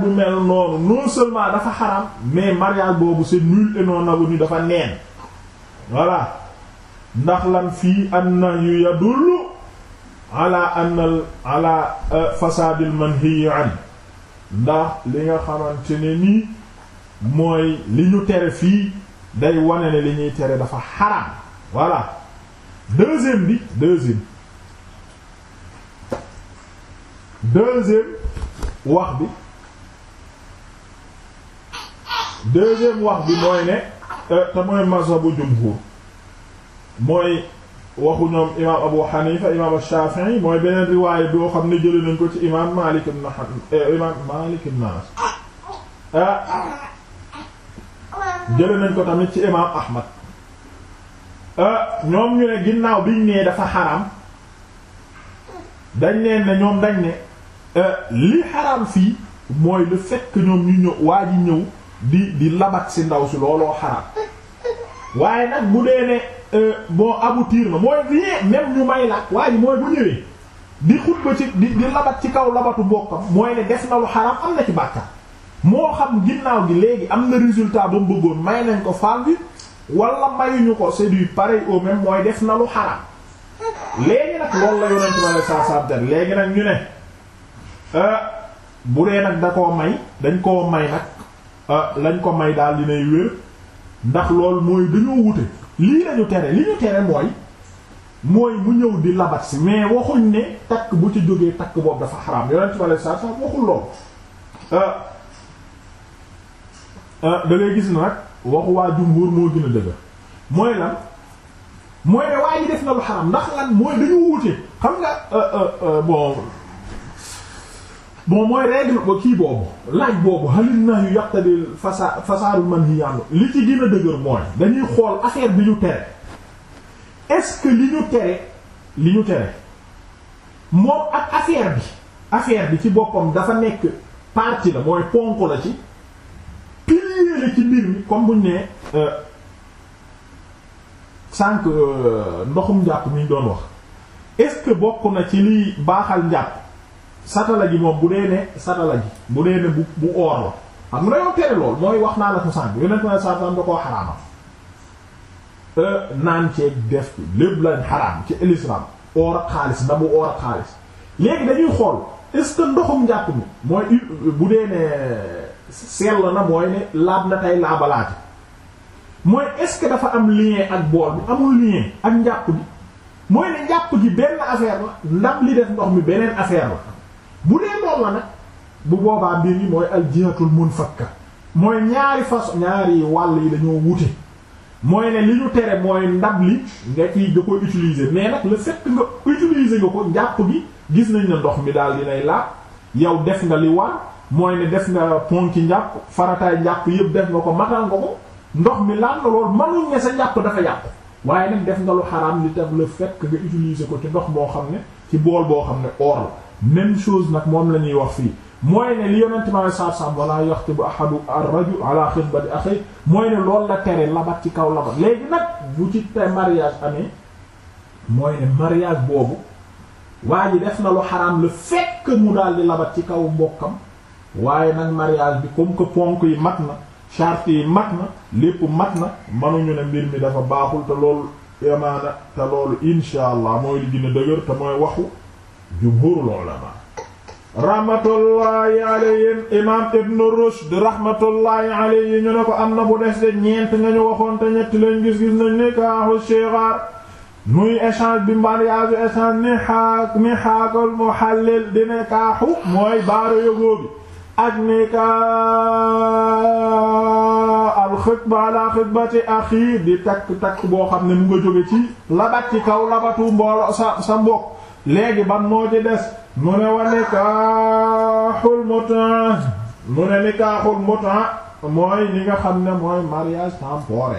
bu mel noonu dafa xaram mais mariage boobu c'est nul et non avenu dafa neen voilà ndax lan fii annahu yadullu ala anna ala euh, fasadil manhiyi an ndax li nga xamante ne nii mooy li ñu tere fii day wane ne li ñuy tere dafa xaram voilà deuxième bi deuxième deuxième wax bi deuxième wax bi mooy ne euh, te mooy mazhabu jumhur mooy waxu ñoom imaam Abu Hanifa imaam Shafi'i mooy beneen riwaay boo xam ne jëlee nañ ko ci imaam Malik ibn euh, imaam Malik ibn Anas ah nañ ko tamit ci imaam Ahmad ah, ñoom ñu ne ginnaaw biñ nee dafa xaram dañ leen ne ñoom dañ ne. li xaraam fii mooy le fait que ñoom ñu ñëw waa ji ñëw di di labat si ndaw si looloo xaraam waaye nag bu dee ne boo euh, aboutir na mooy rien même ñu may la waa ji mooy bu ñëwee di xutba ci di di labat ci kaw labatu bokkam mooy ne def na lu xaraam am na ci bàkkaar moo xam ginnaaw gi léegi am na résultat ba mu bëggoon may nañ ko faal bi wala mayuñu ko c'est du pareil au même mooy def na lu xaraam léegi nag loolu la yonent bi sallallahu alayhi léegi nag ñu ne. Euh, bu dee nag da koo may dañ ko may nag euh, lañ ko may daal dinay wér ndax lool mooy dañoo wute lii lañu tere li ñu tere mooy mooy mu ñëw di labat si mais waxuñ ne takk bu ci jógee takk boobu dafa xaraam yonent bi alei satu waxul loolu euh, da gis na nag waxu waa jumhur moo gën a dëgg mooy lan mooy ne waa ji def na lu xaraam ndax lan mooy dañu wute xam nga bon bon mooy règle ba kii boobu laaj boobu halil na yu yaqtadi fasa fasaadu man yi yàllu li ci gën a dëgër mooy dañuy xool affaire bi ñu tere est-ce que li ñu tere li ñu tere moom ak affaire bi affaire bi ci boppam dafa nekk partie la mooy ponk la ci pilier la ci mbir mi comme buñ ne euh, sànq euh, ndoxum njàpp mi ñu doon wax est-ce que bokk na ci liy baaxal njàpp satala ji moom bu dee ne satala ji bu dee ne bu bu oor la xam nga dañoo tere lool mooy wax naa la ko sànq yonent na saasan da koo xaraama e, naan ceeg def ci lépp lañ xaraam ci l'islam oor ak xaalis ndax bu oor ak xaalis léegi dañuy xool est-ce que ndoxum njàpp mi mooy bu dee ne sell na mooy ne laab na tey laabalaate mooy est-ce que dafa am lien ak bool bi amul lien ak njàpp bi mooy ne njàpp gi benn affaire la ndab li def ndox mi beneen affaire la bu dee moom la nag bu boobaa mbir yi mooy aljihatul munfakka mooy ñaari façon ñaari wàll yi dañoo wute mooy ne li ñu tere mooy ndab li nga ci nga ko utiliser mais le fait nga utiliser nga ko njàpp gi gis nañ ne ndox mi daal dinay laaj yow def nga li war mooy ne def nga ponki njàpp farataay njàpp yëpp def nga ko matal nga ko ndox mi laal nga lool mënuñ ne sa njàpp dafa yàqu waaye nag def nga lu xaraam li tax le fait que nga utiliser ko ci ndox moo xam ne ci bool boo xam ne or la même chose nag moom la ñuy wax fii mooy ne li yonent ma saab-saab wala yaxtibu ahadu ar-rajul ala xitbati axi mooy ne loolu la tere labat ci kaw labat léegi nag bu ci te mariage amee mooy ne mariage boobu waa ji def na lu xaraam la fekk mu daal di labat ci kaw mbokkam waaye nag mariage bi comme que ponk yi mat na charte yi mat na lépp mat na ñu ne mbir mi dafa baaxul te loolu amaana te loolu insha allah mooy li dëgër te mooy waxu jumhurul ulama rahmatullahi alayhim imam ibn rushd rahmatullahi alayhi ñu ne ko am na bu des de ñeent nga ñu waxoon te ñett lañ gis-gis nañ nikaahu shighar muy échange bi mariage échange ni xaak ni xaakal muhallil di nikaahu mooy baaro yógoo bi ak nikaa al xitba ala xitbati axi di takk takk boo xam ne mu nga jóge ci labat ci kaw labatu mboolo sa sa mbokk léegi ban moo ci des mu ne wa nikaaxul mutaa mu ne nikaaxul mutaa mooy li nga xam ne mooy mariage temporel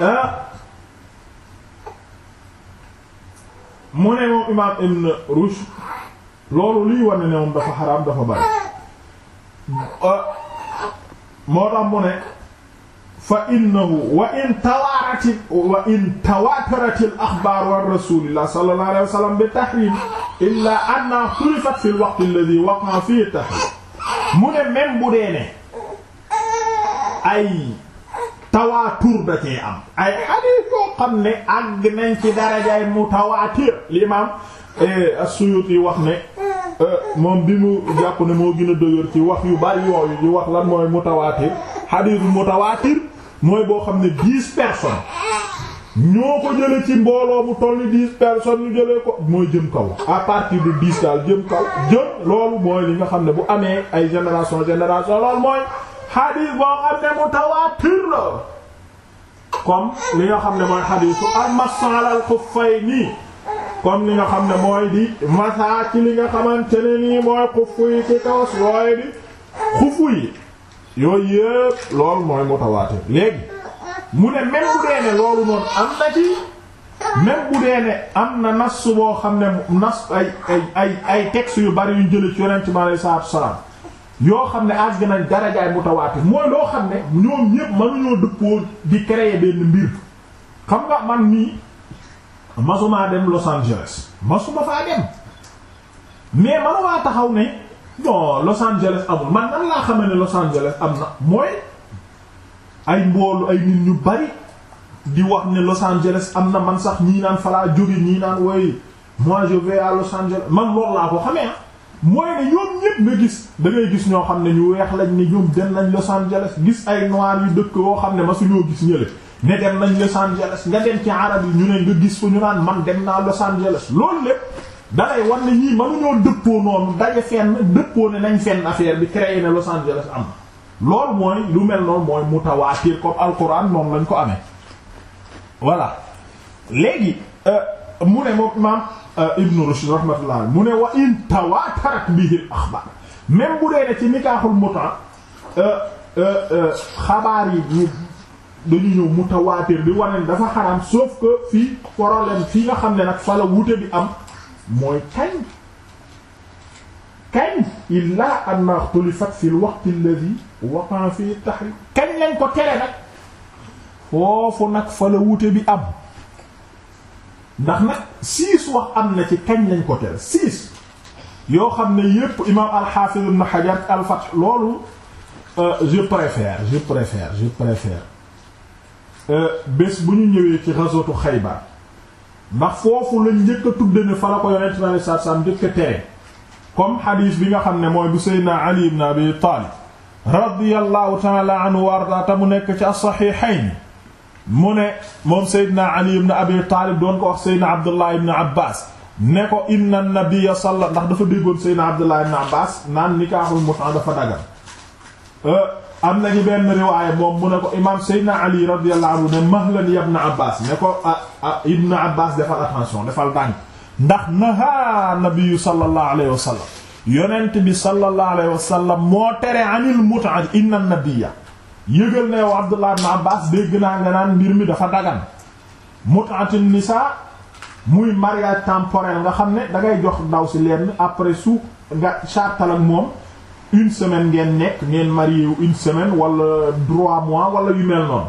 ah. mu ne moom imaam Ibn Rushd loolu liy wa ne moom dafa xaraam dafa bari ah. moo tax mu fa innahu wa in tawaaratil wa in tawaataratil axbaaru an rasulillah sallallahu alayhi wa sallam bi tahrim illa anna xulifat fi lwaqti alladi waqa fii tahrim mu ne même bu dee ne ay tawaatur da cee am ay xadiis yoo xam ne àgg nañ ci darajaay mutawaatir l'imam eh, as-Suyuti wax ne eh, moom bi mu jàpp ne moo gën a dëgër ci wax yu bari yooyu di wax lan mooy mutawaatir xadiis mutawaatir mooy boo xam ne dix personnes ñoo ko jële ci mbooloo mu toll ni dix personnes ñu jëlee ko mooy jëm kaw à partir de dix daal jëm kaw jëm loolu mooy li nga xam ne bu amee ay génération génération loolu mooy xadiis boo xam ne mutawaatir la comme li nga xam ne mooy xadiisu al-masal al-xuffayni comme li nga xam ne mooy di masa ci li nga xamante ne nii mooy xufu yi ci kawas di xufu yi yooyu yëpp loolu mooy mutawaatir léegi mu ne même bu dee ne loolu noonu am na ci même bu dee ne am na nas boo xam ne nas ay ay ay yu bari yu jële ci yonent bi yoo xam ne àgg nañ darajaay mutawaatir mooy loo xam ne ñoom ñëpp mënuñoo dëppoo di créer benn mbir xam nga man nii masuma dem Los Angeles masuma faa dem mais manumaa taxaw ne. non Los Angeles amul man nan laa xamee ne Los Angeles am na mooy ay mboolu ay nit ñu bari di wax ne Los Angeles am na man sax ñii naan falaa jóge ñii naan way moi je vais à Los Angeles man loolu laa ko xamee ah mooy ne ñoom ñépp nga gis da gis ñoo xam ne ñu weex lañ ne ñoom dem nañ Los Angeles gis ay noirs yu dëkk yoo xam ne ma suñoo gis ñële ne dem nañ Los Angeles nga dem ci arab yi ñu ne nga gis ko ñu naan man dem naa Los Angeles loolu lépp dalay war ne ñii mënuñoo dëppoo noonu daje fenn dëppoo ne nañ fenn affaire bi créé na Los Angeles am loolu mooy lu mel noonu mooy mutawaatir comme alquran noonu lañ ko amee voilà léegi euh, mu ne moom imam euh, Ibn Rushd rahmatullah mu ne wa in tawaatarat bihi al-axbaar même bu dee ne ci nikaaxul muta euh, xabaar yi dañu ñëw mutawaatir bi wane dafa xaraam soof que fii problème fii nga xam ne nag fa la wute bi am mooy kañ kañ illaa anna xulifat fi al-waqt alladhi waqa fi kañ lañ ko tere nag foofu nag fa bi ab ndax nag six wax am na ci kañ lañ ko tere six yoo xam ne yépp imam al-Hafiz ibn Hajar al-Fath loolu euh, je préfère je préfère je préfère euh, bés bu ñu ñëwee ci ghazwatu ndax foofu lañ njëkk a fa la ko yonent bi alayhi salaatu salaam xadiis bi nga xam ne mooy bu Seydina Ali ibn Abi Taalib radiyallahu taala anhu wardaata mu nekk ci as-saxiixayn mu ne moom Seydina Ali ibn Abi Taalib doon ko wax Seydina Abdullah ibn Abbas ne ko inna nabiyya salla ndax dafa déggoon Seydina Abdullah ibn Abbas naan nikaaxul mutaa dafa dagal euh, am na ci benn riwaaya moom mu ne ko imam Seydina Ali radiyallahu anhu ne mahlan ne ko ah, ah, ibn Abbas defal attention defal dànk ndax naha nabiyu sallallahu alayhi wa yonent bi sallallahu alayhi wa sallam moo tere anil mut'a inna nabiyya yëgal ne Abdullah ibn Abbas dégg naa nga naan mbir mi dafa dagan mut'atun nisa muy mariage temporel nga xam ne dangay ngay jox ndaw si lenn après su nga chartal ak moom une semaine ngeen nekk ngeen marié wu une semaine wala trois mois wala yu mel noonu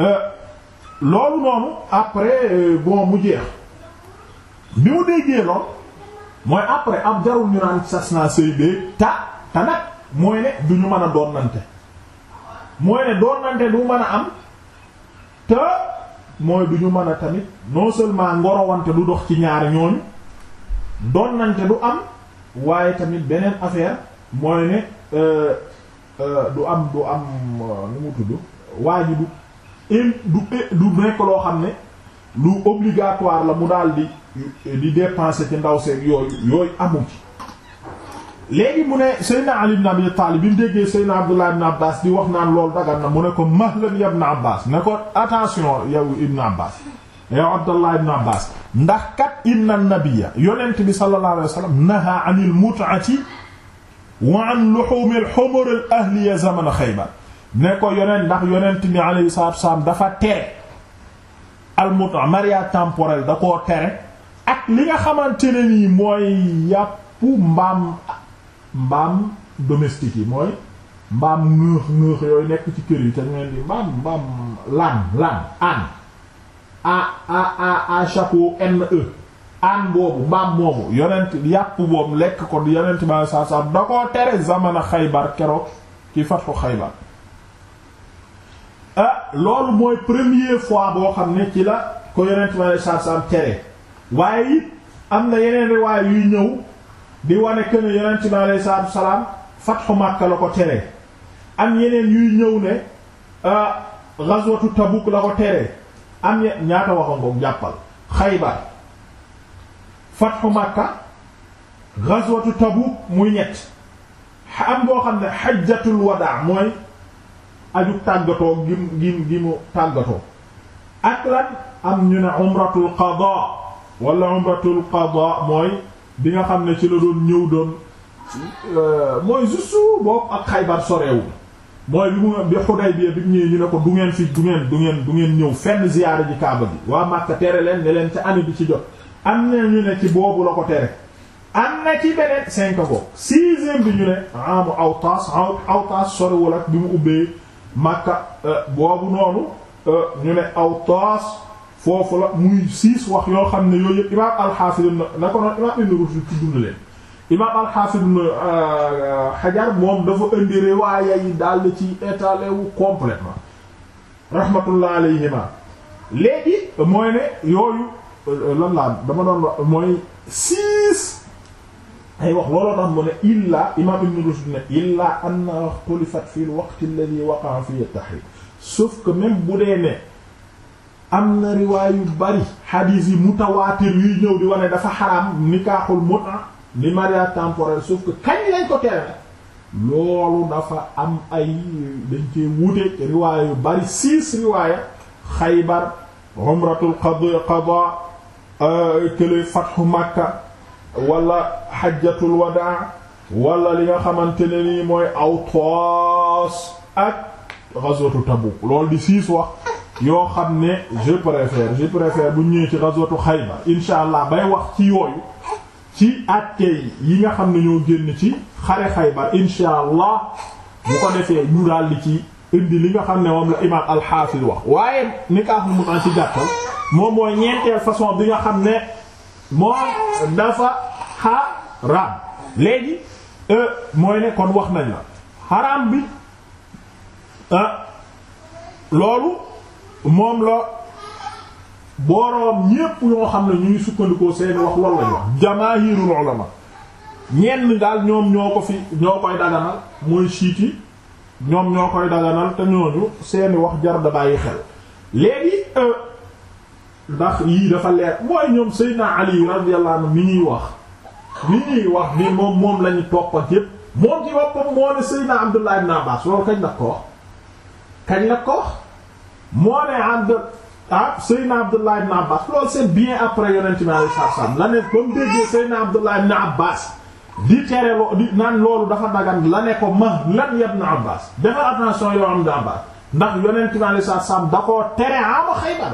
euh, loolu noonu après euh, bon mu jeex bi mu déggee lool mooy après ab jarul ñu naan sas naa sëy bee ta ta mooy ne du ñu mën a doonante mooy ne doonante du mën a am te mooy du ñu mën a tamit non seulement ngorowante du dox ci ñaar ñooñu doonante du am waaye tamit beneen affaire mooy ne euh, euh, du am du am euh, nu mu waa du in du e, du nekk loo xam ne lu obligatoire la mu daal di di dépenser ci ndaw seeg yooyu yooyu amu ci léegi mu ne Seydina Ali ibn Abi Talib bi mu déggee Seydina Abdullah ibn Abbas di wax naan loolu dagan na mu ne ko mahlan ya ibn Abbas ne ko attention yow ibn Abbas yow Abdullah ibn Abbas ndax kat inna nabiyya yonent bi sallallahu alayhi wa sallam naha anil mut'ati wa an luhum al humur al ahliya zaman Xaybar ne ko yonent ndax yonent bi alayhi salaatu wasalaam dafa tere al muta mariage temporel da koo tere ak li nga xamante ne nii mooy yàppu mbaam mbaam domestique yi mooy mbaam nëex nëex yooyu nekk ci kër yi te ñu di mbaam mbaam lan lan an a a chapeau n e aan boobu mbaam moomu yonent yàpp boobu lekk ko yonent ba saa saa da koo tere zamana ah, fois boo xam ne ci la ko yonent ba waaye it am na yeneen riwaay yuy ñëw di wane que ne yonent ba alayhi la ko tere am yeneen yuy ñëw ne ah ghazwatu Tabuk la ko tere am ñaata waxoon ko jàppal xaybar fatxu Makka ghazwatu Tabuk muy ñett am boo xam ne xajjatul wadaa mooy aju tàggatoo gim gim gimu tàggatoo ak lan am ñu ne umratul qadaa wala umratul qadaa mooy bi nga xam ne ci la doon ñëw doon euh, mooy juste boobu ak Xaybar sorewul mooy bi mu bi Xudaybiya bi mu ñu ne ko du ngeen fi du ngeen du ngeen du ñëw fenn ziyaara ji Kaaba bi waa Makka tere leen ne leen ca année bi ci jot am na ñu ne ci boobu la ko tere am na ci beneen cinq boobu sixième bi ñu ne amu Awtaas Awtaas soriwul ak bi mu ubbee Makka euh, boobu noonu euh, ñu ne Awtaas foofu la muy six wax yoo xam ne yooyu imaam al-Hafiz na ko noonu imaam Ibn Rushd tudd na leen imaam al-Hafiz Ibn euh, Hajar moom dafa indi riwaaya yi daal di ci étalé wu complètement rahmatullah alayhima léegi mooy ne yooyu Euh, lan laa dama doon wax mooy six ay wax looloo tax mu ne illaa imaam ibn Rushd ne illaa anna xulifat fi al-waqt alladhi waqa'a fi at-tahrim sauf que même bu dee ne am na riwaay yu bari xadiis yi mutawaatir yuy ñëw di wane dafa xaraam nikaaxul mut'a ni mariage temporel sauf que kañ lañ ko tere loolu dafa am ay dañ cee wuute riwaay yu bari six riwaaya Xaybar umratul qada kële euh, fatxu Makka walla xajjatul wadaa wala li nga xamante ne nii mooy Awtaas ak ghazwatu Tabuk loolu di siis wax yoo xam ne je préfère je préfère bu ñëwee ci ghazwatu Xaybar incha allah bay wax ci yooyu ci àtte yi nga xam ne ñoo génn ci xare Xaybar incha allah bu defee ñu daal di ci. indi li nga xam ne moom la imaam alxaafis wax waaye nikaaxul mutaan ci gàttal moom mooy ñeenteel façon bi nga xam ne moom dafa xaraam léegi euh, mooy ne kon wax nañ la xaraam bi euh, loolu moom la boroom ñépp ñoo xam ne ñuy sukkandikoo seeni wax loolu lañ wax jamaahirul ulama ñenn daal ñoom ñoo ko fi ñoo koy daganal mooy siiti ñoom ñoo koy daganal te ñooñu seeni wax jar da bàyyi xel léegi euh, ndax yii dafa leer mooy ñoom Seydina Ali radiyallahu anhu mi ñuy wax mi ñuy wax ni moom moom lañu topp ak yépp moom ci boppam moo ne Seydina Abdullah ibn Abbas loolu kañ la ko wax kañ la ko wax moo ne abd ah Seydina Abdullah ibn Abbas loolu c'est bien après yonent bi alayhi salaam la ne ba mu déggee Seydina Abdullah ibn Abbas di tere loo loolu dafa dagan la ne ko ma lan ibn Abbas dafa attention yow am di Abbas ndax yonent bi alayhi salaam da koo tere ama Xaybar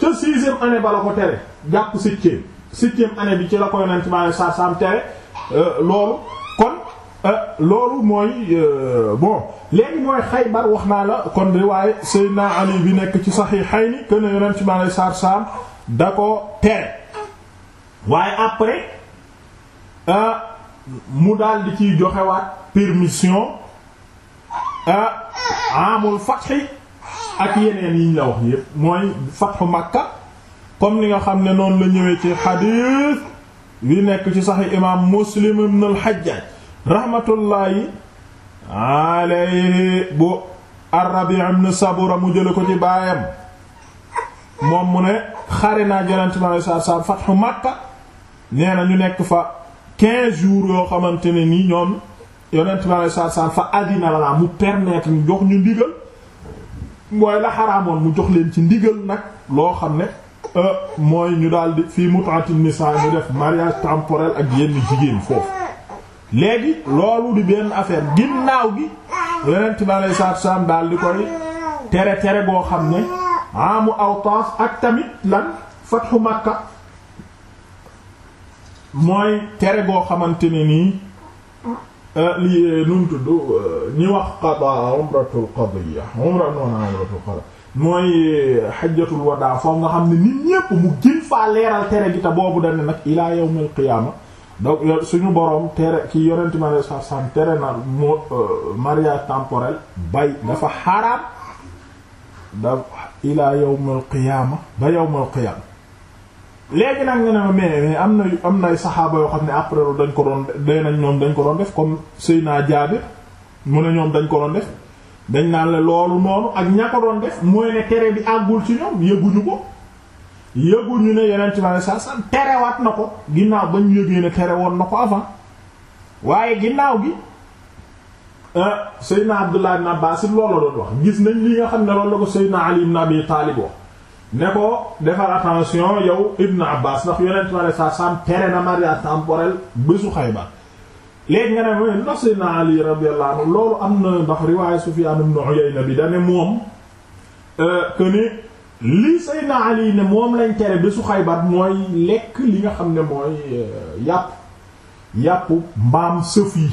ca sixième année ba ko tere jàpp septième septième année bi ci la ko yonent bi alayhi salaam tere euh, loolu kon euh, loolu mooy euh, bon léegi mooy Xaybar wax naa la kon riwaaye Seydina Ali bi nekk ci Sahihayni que ne yonent bi alayhi salaam da ko tere waaye après. ah mu daal di ciy joxewaat permission ah amul ak yeneen yiñ la wax yépp mooy fatxu Makka comme li nga xam ne noonu la ñëwee ci xadiis wi nekk ci saxi imaam Muslim ibn al-Hajjaj rahmatullahi alayhi bu ar-Rabi' Sabura mu jële ko ci baayam moom mu ne xare naa Yonent bi sallallahu alayhi wa sallam Makka nee na ñu nekk fa quinze jours yoo xamante ne nii ñoom yonent bi alei satu salaam fa addina la mu permettre ñu jox ñu ndigal mooy la xaraamoon mu jox leen ci ndigal nag loo xam ne euh, mooy ñu daldi fii mut'atin nisa ñu def mariage temporel ak yenn jigéen foofu léegi loolu di benn affaire ginnaaw gi yonent bi alei satu salaam daldi koy tere tere boo xam ne aw Awtaas ak tamit lan fathu Makka mooy tere goo xamante ne nii euh, li euh, nun tudd euh, ñi wax qada umratul qadiyya umra noona umratul qada mooy xajjatul wadaa foofu nga xam ne nit ñépp mu gën faa leeral tere gi te boobu dane nag ilaa yawmil qiyaama donc suñu boroom tere ki yonente mi alei satu selaam tere na mo temporel bay da ilaa yawmil qiyaama ba yawmil léegi nag nga ne ma mais am na am nay saxaaba yoo xam ne après dañ ko doon dee ñoom dañ ko doon def comme Seyna Jaabir mu ne ñoom dañ ko doon def dañ naan la loolu noonu ak ña ko doon def mooy ne tere bi àggul ci ñoom yëguñu ko yëguñu ne yeneen ci ma sa san terewaat na ko ginnaaw ba ñu yëgee ne tere woon na ko avant waaye ginnaaw gi ah, Seyna Abdullah ibn Abbas loolu la doon wax gis nañ li xam ne loolu la ko Seyna Ali ibn Abi ne ko defal yow Ibn Abbas ndax yonent ma ne saa saam tere na mariage temporel bésu Xaybar léegi nga ne mooy ndax Seydina Ali radiyallahu loolu am na ndax riwaayu Sufyaan ibn Uyayna bi dane moom euh, que ne li Seydina Ali ne moom lañ tere bésu Xaybar mooy lekk li nga xam ne mooy euh, yàpp yàpp mbaam sëf yi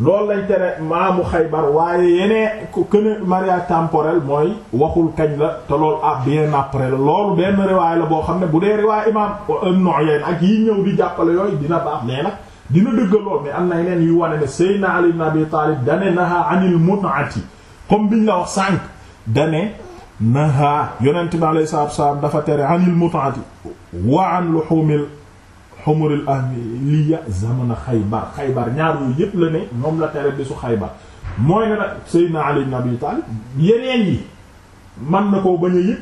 loolu lañ tere maamu Xaybar waaye yeneen ku këne mariage temporel mooy waxul kañ la te loolu ah bien après la loolu benn riwaay la boo xam ne bu dee riwaay imaam Ibn Uyayna ak yi ñëw di jàppale yooyu dina baax nee nag dina dëggal lool mais am na yeneen yu wane ne Seydina Ali ibn Abi Talib dane naha anil mut'ati comme biñ la wax sànq dane naha yonent bi alayhi salaam dafa tere anil mut'ati wa an luhumil humuril ahliya zamana xaybar xaybar ñaar yooyu yëpp la ne ñoom la tere bisu xaybar mooy ne nag Seydina Ali ibn Abi yeneen yi man na koo bañ a yëg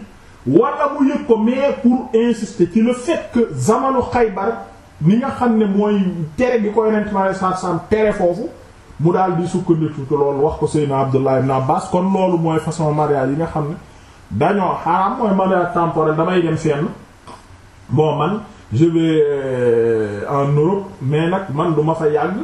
wala mu yëg ko mais pour insister ci le fait que zamanu xaybar ni nga xam ne mooy tere bi ko Yonent mi sallallahu alayhi tere foofu mu daal di sukkandiku ci loolu wax ko Seydina Abdullah ibn Abbas kon loolu mooy façon mariage yi nga xam ne dañoo xaram mooy mariage temporaire damay dem fenn bon man. je vais euh, en Europe mais nag man du ma fa yàgg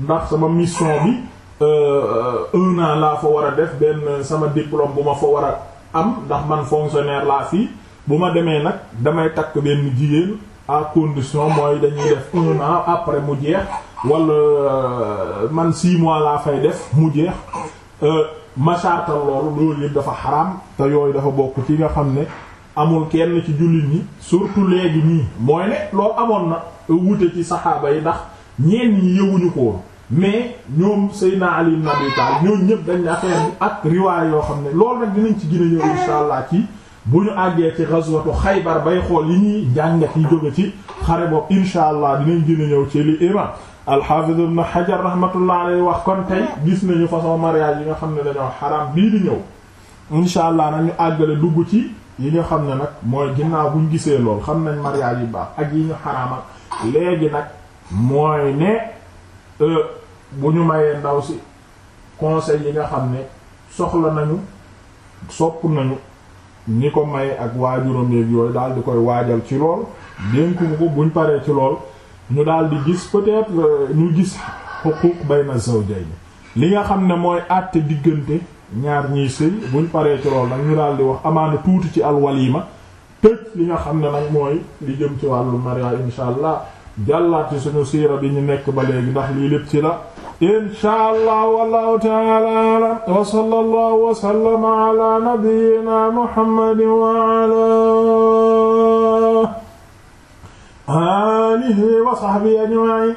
ndax sama mission bi euh, euh, un an laa fa war a def benn sama diplôme bu ma fa war a am ndax man fonctionnaire laa fii bu ma demee nag damay takk benn jigéen à condition mooy dañuy def un an après mu jeex wala man six mois laa fay def mu jeex ma chartal loolu loolu yëpp dafa xaraam te yooyu dafa bokk ci nga xam ne amul kenn ci jullit ñi surtout léegi nii mooy ne loolu amoon na wute ci saxaaba yi ndax ñeen ñi yëwuñu ko mais ñoom Seydina Ali ibn Abi Talib ñoom ñëpp dañ ne ak riwaay yoo xam ne loolu nag dinañ ci gën a ñëw insha allah ci bu ñu àggee ci ghazwatu Xaybar bay xool yi ñuy jàngat yi jóge ci xare boobu insha allah dinañ gën a ñëw ci li imam al-Hafiz ibn Hajar rahmatullah alayhi wax kon tey gis nañu façon mariage yi nga xam ne dañoo xaraam bii di ñëw insha allah dugg ci yi nga xam ne nag mooy ginnaaw bu buñ gisee lool xam nañ mariage yu baax ak yi ñu xaraamal léegi nag mooy ne euh, bu ñu mayee ndaw si conseil yi nga xam ne soxla nañu sopp nañu ni ko may ak waajuram yeeg yooyu daal di koy waajal ci lool dénku ko buñ paree ci lool ñu daal di gis peut euh, ñu gis xuquq bayna zawjayn li nga xam ne mooy àtte diggante ñaar ñiy sëy buñ paree ci loolu nag ñu di wax amaana tuuti ci alwalima tëj li nga xam ne nag mooy li jëm ci wàllu mariage insha allah jàllaat ci suñu siira bi ñu nekk ba léegi ndax lii lépp ci la insha allah wallahu ta'ala alam wa sallallahu wa sallama ala nabiyyina muhammadin wa ala alihi wa sahbihi ajma'in